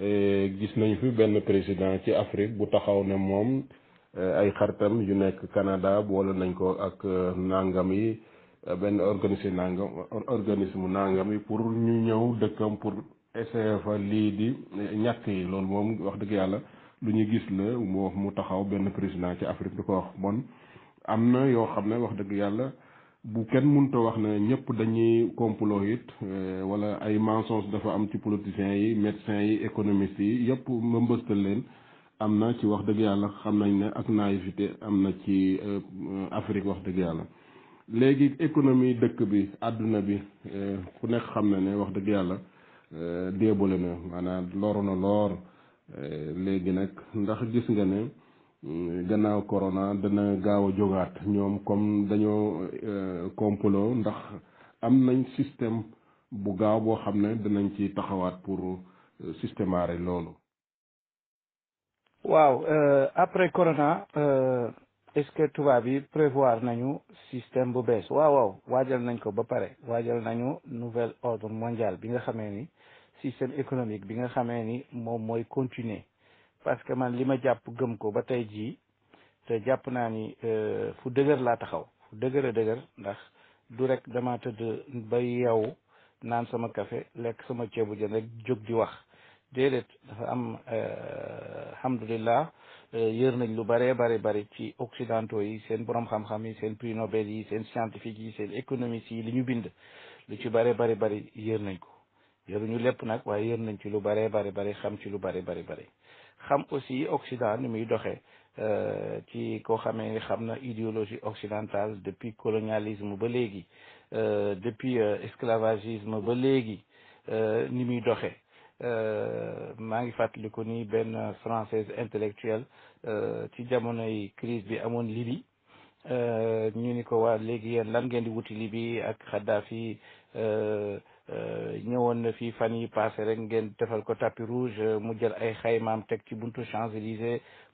e, gis nañu fi benn président ci Afrique bu taxaw ne moom e, ay xaritam yu nekk Canada boole nañ ko ak e, nangam yi benn organisme nangam organisme nangam yi pour ñu ñëw dëkkam pour essayer fa lii di ñàkk yi loolu moom wax dëgg yàlla lu ñu gis la mu taxaw benn président ci Afrique di ko wax bon am na yoo xam ne wax dëgg yàlla. bu kenn mënta wax na ñëpp dañuy complot it euh, wala ay menson dafa am ci politiciens yi médecins yi économistes yi yëpp mbëmbëstal leen am na ci wax dëgg yàlla xam nañ ne ak naïveté am na ci euh, Afrique wax dëgg yàlla léegi économie dëkk bi àdduna bi euh, ku nekk xam na ne wax dëgg yàlla déebale na maanaa loru na loor léegi nag ndax gis nga ne gannaaw corona dana gaaw a jógaat ñoom comme dañoo komplo euh, ndax am nañ système bu gaaw boo xam ne danañ ci taxawaat pour euh, systémare loolu. waaw euh, après corona est-ce que tubaab yi prévoir nañu système bu bees waaw waaw waajal nañ ko ba pare waajal nañu nouvelle ordre mondial bi nga xamee ni système économique bi nga xamee ni moom mooy continuer. parce que man li ma jàpp gëm ko ba tey jii te jàpp naa ni euh, fu dëgër laa taxaw fu dëgër a dëgër ndax du rek dama tëdd ba yeewu naan sama kafe lekk sama ceebu jën rek jóg di wax déedéet dafa am euh, alhamdulilah euh, yër nañ lu bëree bëri bëri ci occidentaux yi seen borom xam-xam yi seen prix Nobel yi seen scientifique yi seen économie yi li ñu bind lu ci bëree bëri bëri yër nañ ko yëruñu lépp nag waaye yër nañ ci lu bëree bëri bëri xam ci lu bëri bëri bëri xam aussi Occident ni muy doxee euh, ci koo xamee ni xam na idéologie occidentale depuis colonialisme ba léegi euh, depuis euh, esclavagisme ba léegi ni muy doxee maa ngi fàttaliku ni benn française intellectuelle ci jamonoy crise bi amoon Libye ñu ni ko waa léegi yéen lan ngeen di wuti Libye ak Xaddafi Euh, ñëwoon na fii fan yi passé rek ngeen defal ko tapis rouge euh, mu jël ay xaymaam teg ci buntu champs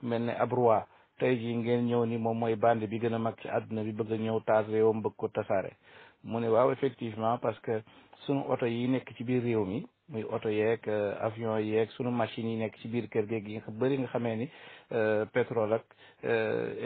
mel ne ab roi tey jii ngeen ñëw ni moom mooy bande bi gën a mag ci àdduna bi bëgg a ñëw taas réewam bëgg ko tasaare mu ne waaw effectivement parce que sunu oto yi nekk ci biir réew mi muy oto yeeg euh, avion yeeg sunu machines yi nekk ci biir kër geeg yi nga nga xamee ni pétrole ak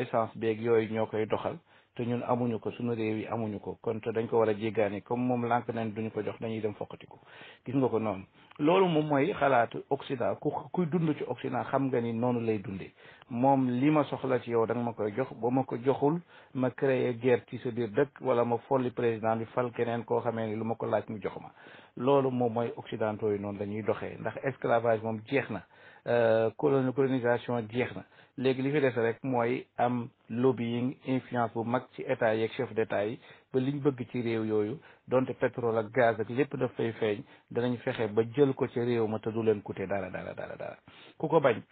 essence beeg yooyu ñoo koy doxal te ñun amuñu ko suñu réew yi amuñu ko kon te dañ ko war a jigaan jéggaani comme moom lànk nañ duñu ko jox dañuy dem foqatiku gis nga ko noonu loolu moom mooy xalaatu Occident ku kuy dund ci Occident xam nga ni noonu lay dundee moom li ma soxla ci yow danga ma koy jox ba ma ko joxul ma créer guerre ci sa biir dëkk wala ma folli président bi fal keneen koo xamee ni lu ma ko laaj mu jox ma loolu moom mooy Occidentaux yi noonu dañuy doxee ndax esclavage moom jeex na euh, colonisation jeex na léegi li fi des rek mooy am lobbying influence bu mag ci état yeeg chef d'état yi ba liñ bëgg ci réew yooyu donte pétrole ak gaz ak lépp daf fay feeñ danañ fexe ba jël ko ci réew ma te du leen coûter dara dara dara dara ku ko bañ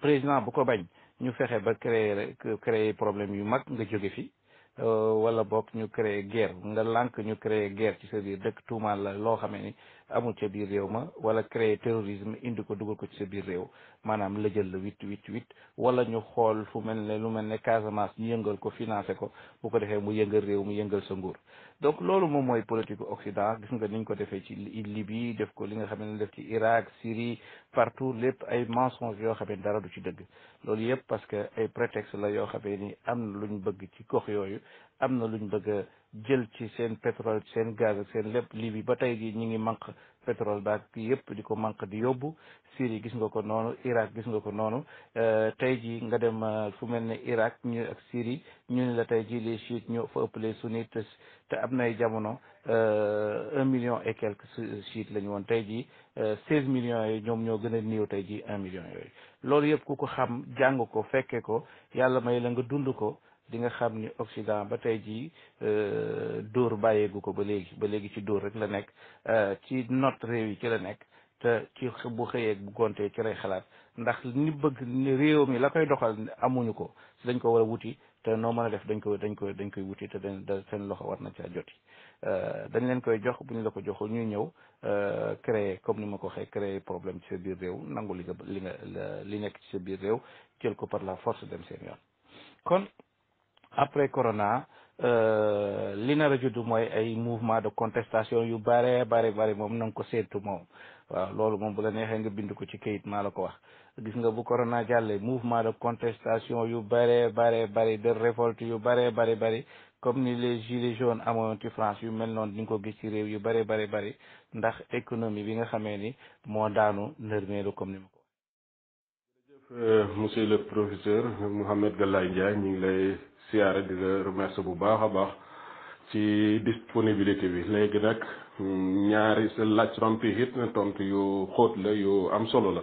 président bu ko bañ ñu fexe ba créer créer problème yu mag nga jóge fi euh, wala bokk ñu créer guerre nga lank ñu créer guerre ci sa biir dëkk tuumaal la loo xamee ni amul ca biir réew ma wala créer terrorisme indi ko dugal ko ci sa biir réew maanaam la jël la huit huit huit wala ñu xool fu mel ne lu mel ne Casamance ñu yëngal ko financé ko bu ko defee mu yëngal réew mu yëngal sa nguur donc loolu moom mooy politique Occident gis nga niñ ko defee ci Libye def ko li nga xam ne def ci Irak Syrie partout lépp ay mensonges yoo xam ne dara du ci dëgg loolu yëpp parce que ay prétexte la yoo xam ne ni am na luñ bëgg ci gox yooyu am na luñ bëgg a jël ci seen pétrole seen gaz ak seen lépp Libye ba tey ji ñu ngi manque pétrole baak yëpp di ko manque di yóbbu Syrie gis nga ko noonu Irak gis nga ko noonu euh, tey ji nga dem euh, fu mel ne Irak ñu ñu la tey ji les chiites ñoo fa ëpp les te am nay jamono euh, un million et quelques la ñu woon tey ji seize millions yooyu ñoom ñoo gën a néew tey ji un million yooyu loolu yëpp ku ko xam jàng ko fekke ko yàlla may la nga dund ko di nga xam ni Occident ba tey jii euh, dóor bàyyeegu ko ba léegi ba léegi ci dóor rek la nekk euh, ci not réew yi ci la nekk te ci bu xëyee bu gontee ci lay xalaat ndax ni bëgg ni réew mi la koy doxal amuñu ko si dañ ko war a wuti te noo mën a def dañ ko dañ ko dañ koy wuti te da seen loxo war na caa joti euh, dañ leen koy jox bu ñu la ko joxul ñuy ñëw créer comme ni ma ko waxee créer problème ci sa biir réew nangu li nga li nga li nekk ci sa biir réew jël ko par la force dem seen yoon après corona euh, li nar a judd mooy ay mouvement de contestation yu bare bare bare moom na nga ko seetu moom waaw loolu moom bu la neexee nga bind ko ci kayit maa la ko wax gis nga bu corona jàllee mouvement de contestation yu bare bare bare de révolte yu bare bare bare comme ni les gilets jaunes amoon ci France yu mel noonu ni nga ko gis ci réew yu bare bare bare ndax économie bi nga xamee ni moo daanu nërmeelu comme ni ma ko wax. Euh, le professeur Mouhamed Galaye Ndiaye ñu siyaare di la bu baax a baax ci disponibilité bi léegi nag ñaari sa laaj tontu yi it tontu yu xóot la yu am solo la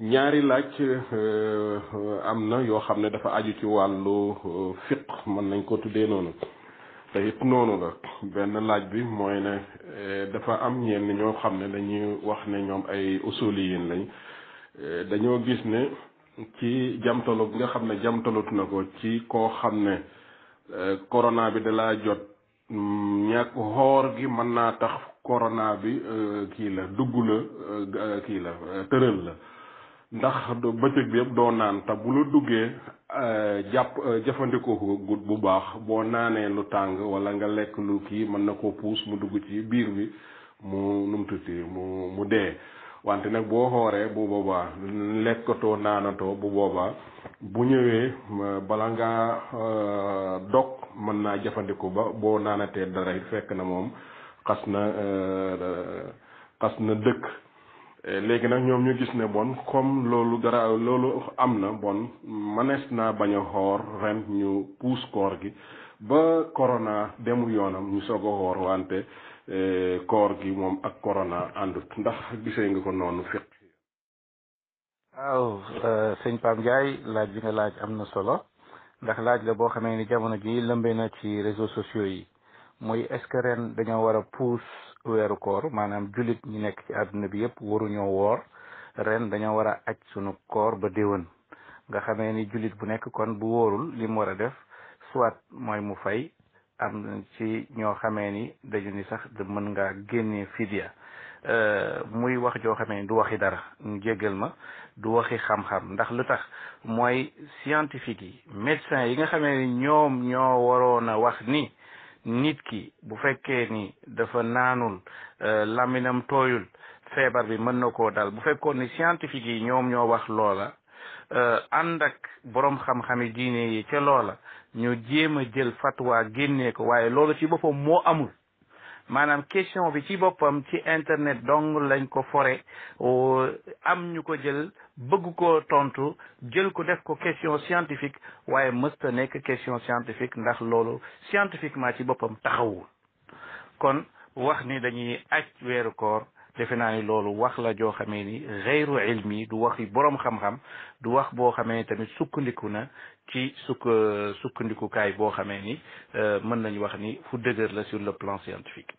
ñaari laaj euh, am na yoo xam ne dafa aju ci wàllu euh, fit mën nañ ko tuddee noonu te it noonu la benn laaj bi mooy ne euh, dafa am ñenn ñoo xam ne dañuy wax ne ñoom ay usuliyin lañ dañoo gis ne ci jamtalo bi nga xam ne jamtalatu na ko ci koo xam ne euh, corona bi da laa jot mm, ñàkk xoor gi mën naa tax corona bi euh, kii la dugg la euh, kii la tëral la ndax bëccëg bi yëpp doo naan te bu la duggee jàpp jëfandikoo ko gut bu baax boo naanee lu tàng wala nga lekk lu kii mën na ko puus mu dugg ci biir bi mu numtuti mu dee wante nag boo xooree bu boobaa lekkatoo naanatoo bu boobaa bu ñëwee euh, bala ngaa euh, dog mën naa jëfandiku ba boo naanatee dara fekk na moom xas na euh, xas na dëkk léegi nag ñoom ñu gis ne bon comme loolu dara loolu am na bon mënees naa bañ xoor ren ñu puus koor gi ba corona demul yoonam ñu soog a xoor wante Eh, koor gi moom ak corona àndut ndax gisee nga ko noonu fiq waaw eh, sëñ Pape Ndiaye laaj bi nga laaj am na solo ndax laaj la boo xamee ni jamono ji lëmbee na ci réseaux sociaux yi muy est ren dañoo war a puus weeru koor maanaam julit ñi nekk ci àdduna bi yëpp waruñoo woor ren dañoo war a aj sunu koor ba déwén nga xamee ni julit bu nekk kon bu woorul li mu war a def soit mooy mu fay am ci ñoo xamee ni dañu ni sax de mën génne génnee fidia euh, muy wax joo xamee ni du waxi dara ñu jéggal ma du waxi xam-xam ndax lu tax mooy scientifique yi médecin yi nga xamee ni ñoom ñoo waroon a wax ni nit ki bu fekkee ni dafa naanul euh, laminam tooyul feebar bi mën na ko dal bu fekkoon ni scientifique yi ñoom ñoo wax loola euh, ànd ak boroom xam-xami diine yi ca loola ñu jéem a jël fatwa génnee ko waaye loolu ci boppam moo amul maanaam question bi ci boppam ci internet dong lañ ko fore am ñu ko jël bëgg ko tontu jël ko def ko question scientifique waaye mësta nekk question scientifique ndax loolu scientifiquement ci boppam taxawul kon wax ni dañuy aj weeru koor defe naa ni loolu wax la joo xamee ni xeyru ilmi du waxi boroom xam-xam du wax boo xamee ni tamit sukkandiku na ci sukk sukkandikukaay boo xamee ni euh, mën nañu wax ni fu dëgër la sur le plan scientifique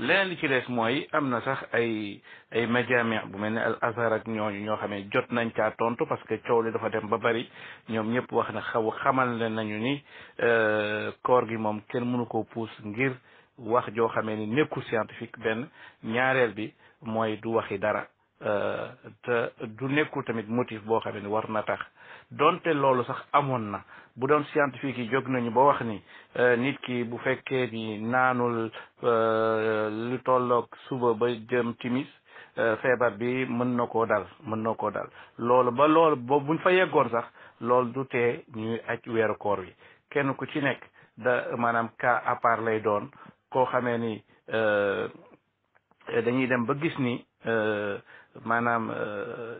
leneen li ci des mooy am na sax ay ay majamia bu mel ne al azhar ak ñooñu ñoo xamee jot nañ caa tontu parce que coow li dafa dem ba bari ñoom ñëpp wax na xaw xamal leen nañu ni euh, koor gi moom kenn mënu ko puus ngir wax joo xamee ni nekkul scientifique benn ñaareel bi mooy du waxi dara euh, te du nekku tamit motif boo xam ne war na tax donte loolu sax amoon na bu doon scientifique yi jóg nañu ba wax ni euh, nit ki bu fekkee ni naanul euh, lu tolloog suba ba jëm timis feebar bi mën na ko dal mën na ko dal loolu ba loolu ba buñ fa yeggoon sax loolu du tee ñuy aj weeru koor wi kenn ku ci nekk da maanaam ka à part lay doon koo xamee ni Euh, dañuy dem ba gis ni euh, maanaam euh,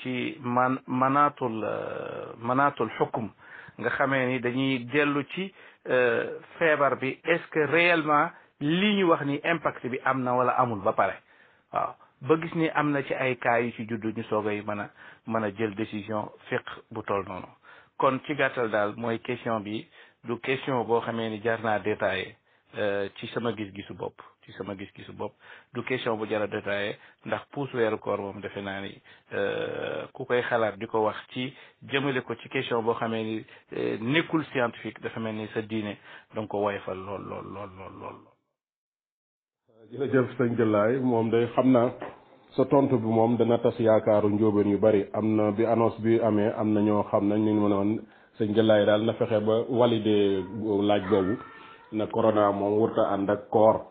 ci man manaatul manaatul xukum nga xamee ni dañuy dellu ci feebar bi est-ce que réellement li ñu wax ni impact bi am na wala amul ba pare waaw ba gis ni am na ci ay cas yu ci juddu ñu soogay mën a mën a jël décision fiq bu toll noonu kon ci gàttal daal mooy question bi du question boo xamee ni jar naa détaillé ci sama gis-gisu bopp ci sama gis-gisu bopp du question bu jar a ndax puus weeru koor moom defe naa ni euh, ku koy xalaat di ko wax ci jëmale ko ci question boo xamee ni euh, nekkul scientifique dafa mel ni sa diine danga ko woyfal lool lool lool lool lool. jërëjëf sëñ Jëlaay moom day xam naa sa tontu bi moom dana tas yaakaaru njóobeen yu bari am na bi annonce bi amee am na ñoo xam nañ ñu mënoon sëñ Jëlaay daal na fexe ba valider laaj boobu na corona moom wërta ànd ak koor.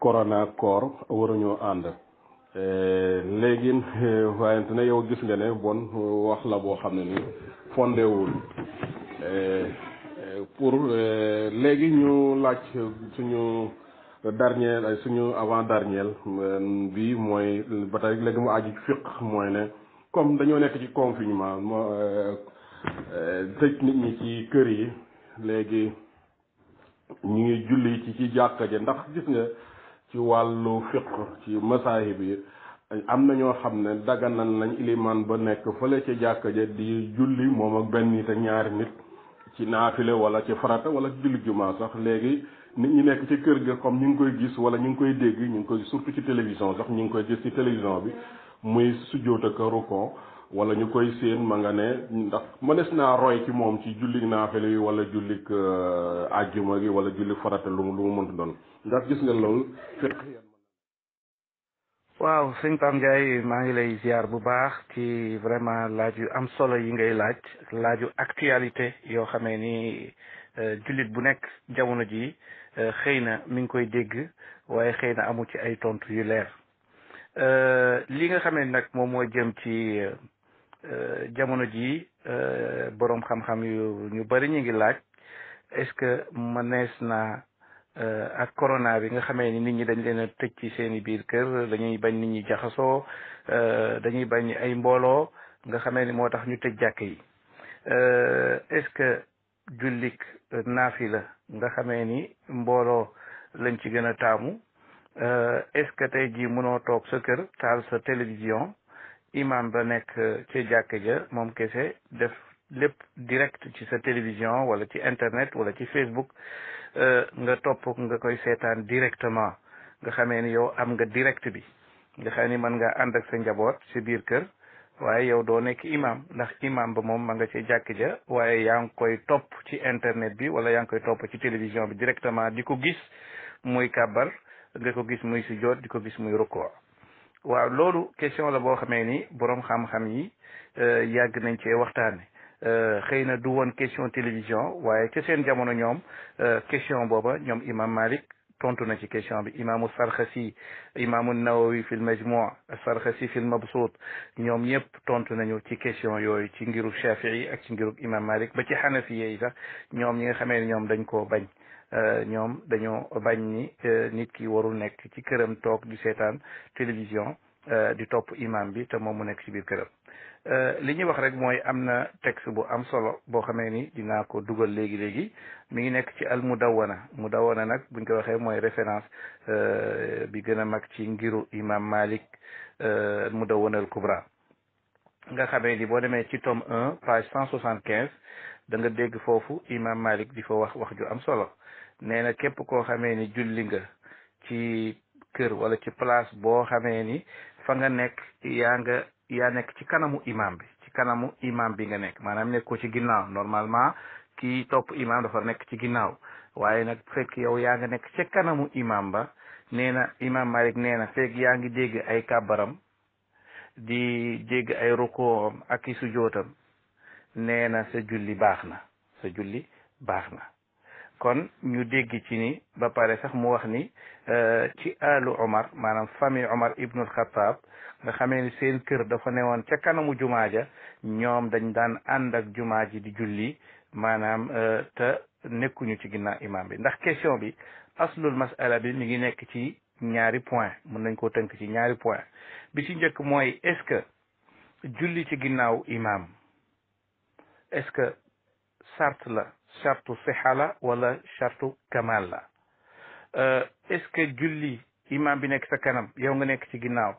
corona koor waruñoo ànd eh, léegi eh, waayante ne yow gis nga ne bon wax la boo xam ne ni fondewul eh, pour léegi ñu laaj suñu dernier suñu avant dernier mm, bi mooy ba tey léegi mu aji fiq mooy ne comme dañoo nekk ci confinement mo tëj nit ñi ci kër yi léegi ñu ngi julli ci ci jàkka je ndax gis nga ci wàllu fiq ci masaahib yi am na ñoo xam ne daganal nañ ilimaan ba nekk fële ca jàkk ja di julli moom ak benn nit ñaari nit ci naafile wala ci farata wala ci julli jumaa sax léegi nit ñi nekk ci kër ga comme ñu ngi koy gis wala ñu ngi koy dégg ñu ngi koy surtout ci télévision sax ñu ngi koy gis ci télévision bi muy sujjóot ak rukon wala ñu koy séen ma nga ne ndax mënees naa roy ci moom ci julli naafile yi wala jullik euh, àjjuma gi wala julli farata lu lu mu mënta doon ndax gis nga loolu waaw sëñ Pape Ndiaye maa ngi lay ziar bu baax ci vraiment laaj yu am solo yi ngay laaj laaju actualité yoo xamee ni euh, jullit bu nekk jamono ji euh, xëy na mi ngi koy dégg waaye xëy na amu ci ay tontu yu leer euh, li nga xamee nag moom moo jëm ci jamono ji boroom xam-xam yu ñu bari ñu ngi laaj est-ce que ma mënees na Euh, ak corona bi nga xamee ni nit ñi dañ leen a tëj ci seen i biir kër dañuy bañ nit ñi jaxasoo euh, dañuy bañ ay mbooloo nga xamee ni moo tax ñu tëj jàkk yi euh, est-ce que jullik naafila nga xamee ni mbooloo lañ ci gën a taamu est-ce que tey jii mënoo toog sa kër taal sa télévision imam ba nekk ca jàkk ja moom kese def lépp direct ci sa télévision wala ci internet wala ci Facebook Euh, nga topp nga koy seetaan directement nga xamee ni yow am nga direct bi nga xam ni mën nga ànd ak sa njaboot si biir kër waaye yow doo nekk imam ndax imam ba moom ma nga ci jàkk ja waaye yaa ngi koy topp ci internet bi wala yaa ngi koy topp ci télévision bi directement di ko gis muy kàbbar nga ko gis muy si joot di ko gis muy rukkoo waaw loolu question la boo xamee ni boroom xam-xam yi euh, yàgg nañ cee waxtaane Euh, xëy na du won question télévision waaye ca seen jamono ñoom euh, question booba ñoom imam Malik tontu na ci question bi imaamu sarxasi imaamu nawawi fil majmuu sarxasi fil mabsuut ñoom ñëpp tontu nañu ci question yooyu ci ngirub shafii ak ci ngirub imam malik ba ci xanafiye yi sax ñoom ñi nga xamee ne ñoom dañ koo bañ euh, ñoom dañoo bañ ni nit ki warul nekk ci këram toog di seetaan télévision di topp imam bi te moom mu nekk ci biir këram Euh, li ñuy wax rek mooy am na text bu am solo boo xamee ni dinaa ko dugal léegi léegi mi ngi nekk ci al mudawana mudawana nag buñ ko waxee mooy référence euh, bi gën a mag ci ngiru imam Malik euh, mudawana al kubra nga xamee ni boo demee ci tom un page cent soixante quinze da nga dégg foofu imam Malik di fa wax wax ju am solo nee na képp koo xamee ni julli nga ci kër wala ci place boo xamee ni fa nga nekk yaa nga yaa nekk ci kanamu imam bi ci kanamu imam bi nga nekk maanaam nekkoo ci ginnaaw normalement ki topp imam dafa nekk ci ginnaaw waaye nag fekk yow yaa nga nekk ca kanamu imam ba nee na imam Malik nee na fekk yaa ngi dégg ay kàbbaram di dégg ay rukoom ak i sujootam nee na sa julli baax na sa julli baax na kon ñu dégg ci ni ba pare sax mu wax ni euh, ci alu Omar maanaam famille Omar ibnul Xattaab nga xamee ni seen kër dafa ne woon ca kanamu jumaa ja ñoom dañ daan ànd ak jumaa ji di julli maanaam euh, te nekkuñu ci ginnaaw imaam bi ndax question bi aslul masala bi mi ngi nekk ci ñaari point mën nañ koo tënk ci ñaari point bi ci njëkk mooy est-ce que julli ci ginnaaw imaam est-ce que sart la chartu sixa la wala chartu kamal la eh, est ce que julli imam bi nekk sa kanam yow nga nekk ci ginnaaw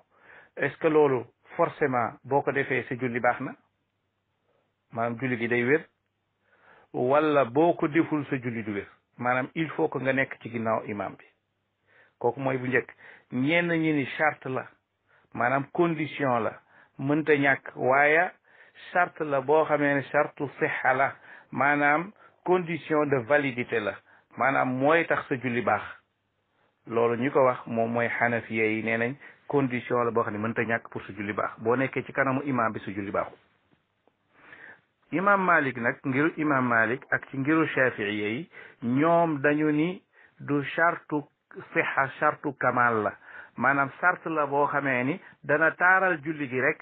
est ce que loolu forcément boo ko defee sa julli baax na maanaam julli gi day wér wala boo ko deful sa julli du wér maanaam il faut que nga nekk ci ginnaaw imam bi kooku mooy bu njëkk ñenn ñi ni charte la maanaam condition la mënta ñàkk waaye sart la boo xamee ne charte sixa la maanaam condition de validité la maanaam mooy tax sa julli baax loolu ñu ko wax moom mooy xanafiya yi nee nañ condition la boo xam ne mënta ñàkk pour su julli baax boo nekkee ci kanamu imam bi su julli baaxu imam malik nag ngiru imam malik ak ci ngiru shafiiya yi ñoom dañu ni du chartu siha chartu kamal la maanaam sart la boo xamee ni dana taaral julli gi rek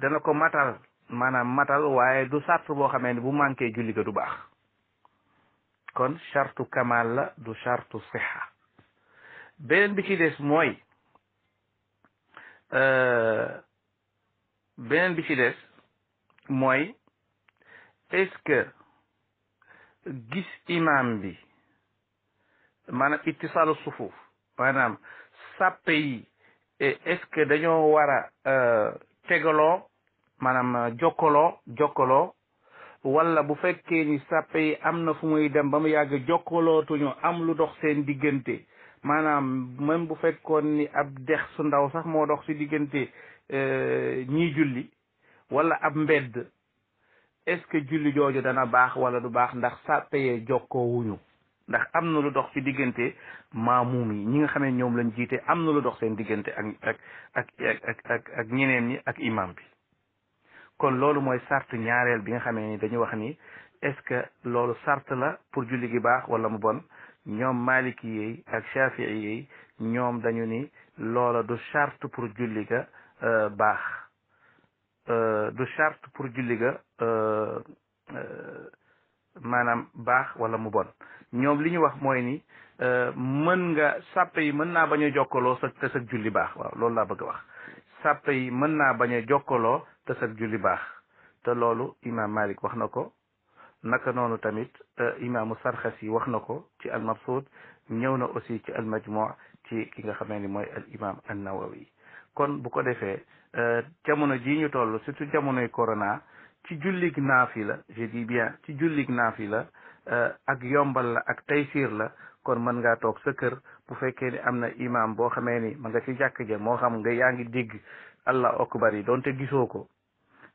dana ko matal maanaam matal waaye du sart boo xamee ni bu manqué julli ga du baax kon chartu kamal la du chartu sixa beneen bi ci des mooy euh, beneen bi ci des mooy est-ce gis imam bi maanaam ittisaalu sufuf maanaam sàppe yi est-ce que dañoo war a euh, tegaloo maanaam jokkaloo wala bu fekkee ni sàppe yi am na fu muy dem ba mu yàgg jokkalootuñu am lu dox seen diggante maanaam même bu fekkoon ni ab dex su ndaw sax moo dox si diggante euh, ñii julli wala ab mbedd est-ce julli jooju dana baax wala du baax ndax sàppe yee jokkoowuñu ndax am na lu dox ci diggante maamuum yi ñi nga xam ne ñoom lañ jiite am na lu dox seen diggante ak ak ak ñeneen yi ak imam bi kon loolu mooy sart ñaareel bi nga xamee ni dañu wax ni est-ce que loolu sart la pour julli gi baax wala mu bon ñoom maliki yi ak shafii yi ñoom dañu ni loola du charte pour julli ga euh, baax euh, du charte pour julli ga euh, maanaam baax wala mu bon ñoom li ñu wax mooy ni mën nga sàppe yi mën naa bañ jokkaloo sa te sa julli baax waaw loolu laa bëgg a wax sàppe yi mën naa bañ a jokkaloo te sag julli baax te loolu imaam Malik wax na ko naka noonu tamit imaamu Sarxasi wax na ko ci al-Mabsuut ñëw na aussi ci al-Majmuu ci ki nga xamee ni mooy al imaam an kon bu ko defee euh, jamono jii ñu toll surtout jamonoy corona ci jullig naafi la je bien ci jullig naafi la euh, ak yombal la ak tey taysiir la kon mën ngaa toog sa kër bu fekkee ni am na imaam boo xamee ni ma nga ci jàkk ja moo xam nga yaa ngi dégg allah akbar yi doonte gisoo ko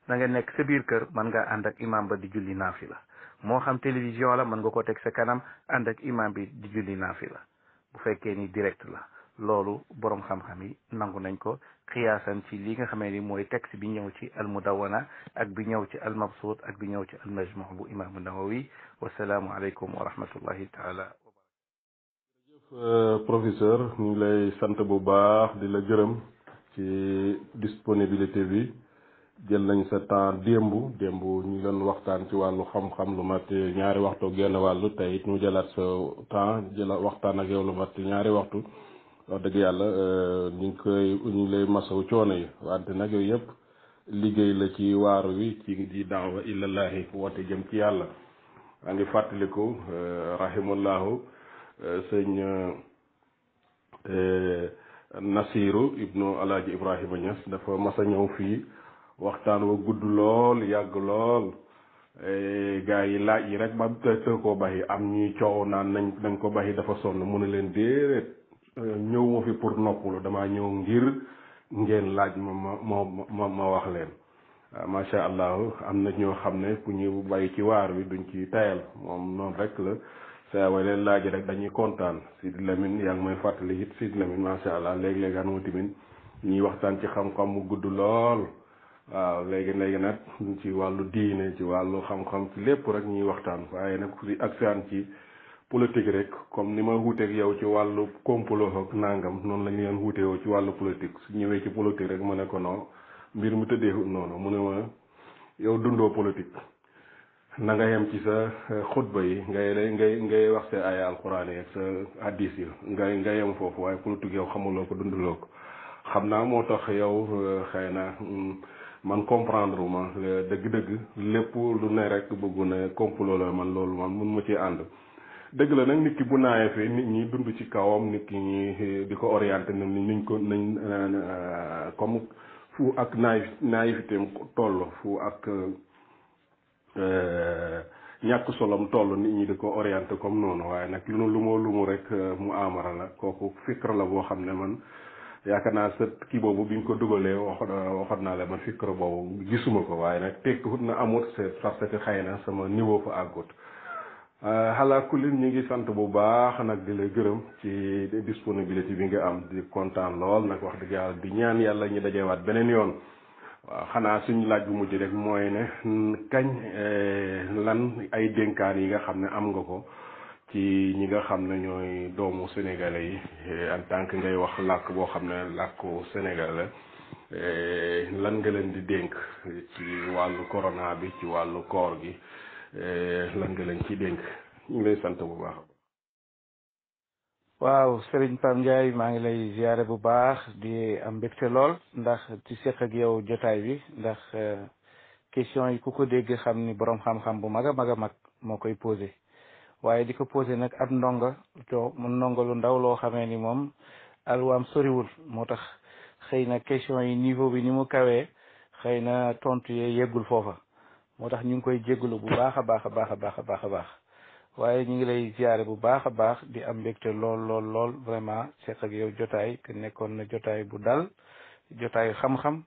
da nga nek sa biir keur man nga ànd ak imam ba di julli nafila mo xam télévision la man nga ko tek sa kanam ànd ak imam bi di julli nafila bu fekke ni direct la loolu borom xam-xam yi nangu nañ ko qiyasan ci li nga xamé ni mooy texte bi ñëw ci al mudawana ak bi ñëw ci al mabsut ak bi ñëw ci al majmu' bu imam an nawawi wa wasalaamu alaykum wa rahmatullahi taala jërëjëf professeur ñu lay sante bu baax di la gërëm ci disponibilité bi jël nañ sa temps démb démb ñu doon waxtaan ci wàllu xam-xam lu mat ñaari waxtu genn wàllu tey it ñu jëlaat sa temps jëla waxtaan ak yow lu mat ñaari waxtu wax dëgg yàlla euh, ñu ngi koy ñu ngi lay coono yi wante nag yooyu yëpp liggéey la ci waaru wi ci di daawa ilallahi woote jëm ci yàlla maa ngi fàttaliku euh, rahimullahu euh, sëñ Nasiru ibnu Alaaji Ibrahima Niass dafa mas ñëw fii waxtaan wa gudd lool yàgg lool e, gars yi laaj yi rek ba te koo yi am ñuy coow naan nañ nañ ko yi dafa sonn mu ne leen déedéet e, ñëw ma fi pour noppalu damaa ñëw ngir ngeen laaj ma ma ma ma wax leen macha allah am na ñoo xam ne ku ñu bàyyi ci waar wi duñ ci tayal moom noonu rek la saa way leen laaj rek dañuy kontaan Sidi Lamine yaa ngi may fàttali it Sidi Lamine macha allah léeg-léeg an tamit ñuy waxtaan ci xam-xam mu gudd lool. waaw léegi léegi nag ci wàllu diine ci wàllu xam-xam ci lépp rek ñuy waxtaan waaye nag ci aksaan ci politique rek comme ni ma wuuteeg yow ci wàllu complot ak nangam noonu la ñu leen wuutewoo ci wàllu politique su ñëwee ci politique rek mu ne ko non mbir mu noonu mu ne ma yow dundoo politique na nga yem ci sa euh, xutba yi ngay ngay ngay wax sa ay alxuraan yi ak sa hadis nga yem foofu waaye politique yow xamuloo ko dunduloo ko xam naa moo tax yow euh, xëy na mm, man comprendre ma dëgg-dëgg lépp lu ne rek bëggu ne complot la man loolu man mun ma ci ànd dëgg la nag nit ki bu naawee fii nit ñi dund ci kawam nit ki eh, di ko orienté ni ñu ko nañ eh, eh, comme fu ak naïf naïvité toll fu ak ñàkk solom toll nit ñi di ko orienté comme noonu waaye nag lu nu lumoo lumu rek mu amara la kooku fikra la boo xam ne man yaakaar naa sa kii boobu bi ñu ko dugalee waxoon waxoon naa la man fikra boobu gisuma ko waaye nag tekkiwut na amut c'est parce que xëy na sama niveau ko àggut xalaa euh, kulin ñu ngi sant bu baax nag di la gërëm ci disponibilité bi nga am di kontaan lool nag wax dëgg yàlla bi ñaan yàlla ñu dajewaat beneen yoon waaw xanaa suñu laaj bu mujj rek mooy ne kañ euh, lan ay dénkaan yi nga xam ne am nga ko ci ñi nga xam ne ñooy doomu sénégalais yi eh, en tant que ngay wax làkk boo xam ne làkku Sénégal la eh, lan nga leen di dénk ci wàllu corona bi ci wàllu koor gi eh, lan nga leen ci dénk ñu ngi lay sant bu baax. waaw Serigne Pam Ndiaye maa ngi lay ziare bu baax di am mbégte lool ndax ci seq yow jotaay bi ndax question yi ku ko dégg xam ni borom xam-xam bu mag a mag a mag moo koy posé. waaye di ko posé nag ab ndonga to mu ndonga lu ndaw loo xamee ni moom alwaam soriwul moo tax xëy na question yi niveau bi ni mu kawee xëy na tontu yee yeggul foofa moo tax ñu ngi koy jégalu bu baax a baax a baax a baax a baax a baax waaye ñu ngi lay ziare bu baax a baax di am mbégte lool lool lool vraiment seq ak yow jotaay te nekkoon na jotaay bu dal jotaayu xam-xam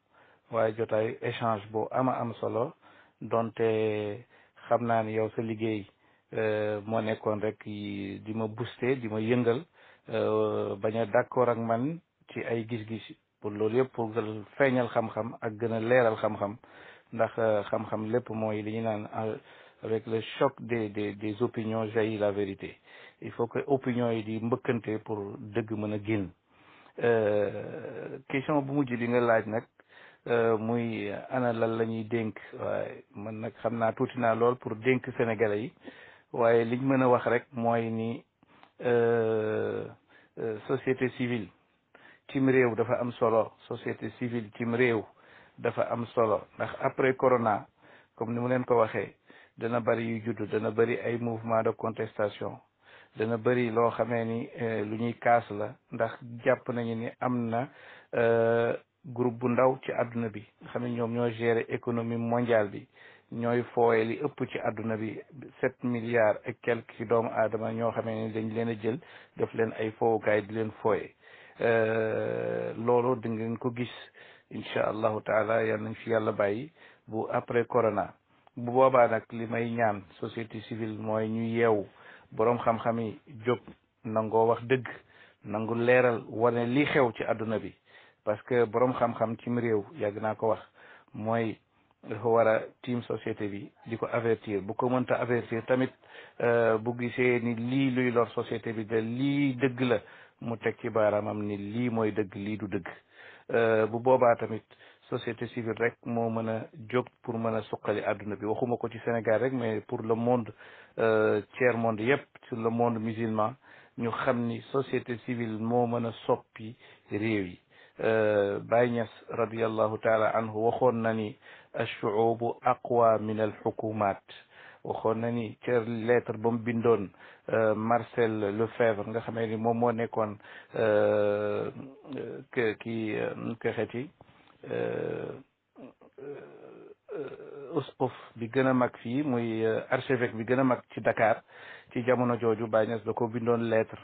waaye jotaayu échange bu ama am solo donte xam naa ne yow sa liggéey Euh, moo nekkoon rek di ma booster di ma yëngal euh, bañ a d'accord ak man ci ay gis-gis pour loolu yëpp pour feeñal xam-xam ak gën a leeral xam-xam ndax euh, xam-xam lépp mooy li ñu naan avec le choc des des des opinions jaillit la vérité il faut que opinions yi di mbëkkante pour dëgg mën a génn question bu mujj bi nga laaj nag muy ana lan la ñuy dénk waaye man nag xam naa tuuti naa lool pour dénk sénégalais yi waaye liñ mën a wax rek mooy ni euh, euh, société civile cim réew dafa am solo société civile cim réew dafa am solo ndax après corona comme ni mu leen ko waxee dana bëri yu judd dana bëri ay mouvement de contestation dana bëri loo xamee ni euh, lu ñuy kaas la ndax jàpp nañu ni am na groupe bu ndaw ci àdduna bi nga xam ne ñoom ñoo gérer économie mondiale bi ñooy fooye li ëpp ci àdduna bi sept milliards et quelque ci doomu aadama ñoo xamee ni dañ leen a jël def leen ay foowukaay di leen fooye euh, loolu di ngeen ko gis incha allahu taala yal nañ fi yàlla bàyyi bu après corona bu boobaa nag li may ñaan société civile mooy ñu yeewu boroom xam-xam yi jóg nangoo wax dëgg nangu leeral wala li xew ci àdduna bi parce que boroom xam-xam cim réew yàgg naa ko wax mooy الهوارة تيم سوسيتي بي ديكو أفيرتير بكو منتا أفيرتير تاميت بوغي سيني لي لوي لور سوسيتي بي دي لي دقل متكي بارا ممني لي موي دق لي دو دق بوبوبا تاميت سوسيتي سيفير ريك مو منا جوك پور منا سوقالي عدونا بي وخو مكو تي سنگار ريك مي پور لموند تير موند يب تير لموند ميزيلما نيو خمني سوسيتي سيفير مو منا سوبي ريوي بايناس رضي الله تعالى عنه وخون ناني الشعوب أقوى من الحكومات وخوناني تير ليتر بوم بيندون آه، مارسيل لوفيف nga xamé ni mom mo nekkon euh ki اسقف بي گنا ماك في موي ارشيفيك بي گنا ماك سي دكار سي جامونو جوجو باينس داكو بيندون ليتر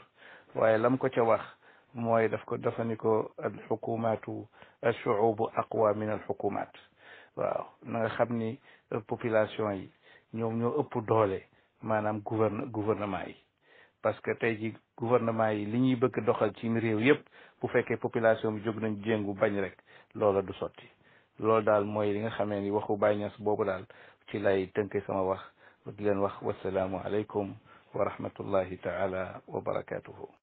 واي لام كو تي واخ موي داف كو دافانيكو الحكومات الشعوب اقوى من الحكومات waaw na xam ni euh, population yi ñoom ñoo ëpp doole maanaam gouverne gouvernement yi parce que tey ji gouvernement yi li ñuy bëgg doxal ci réew yépp bu fekkee population bi jóg nañ jéngu bañ rek loola du sotti loolu daal mooy li nga xamee ni waxu Baye Niass boobu daal ci lay tënk sama wax di leen wax wasalaamu aleykum wa rahmatullahi taala wa barakaatuhu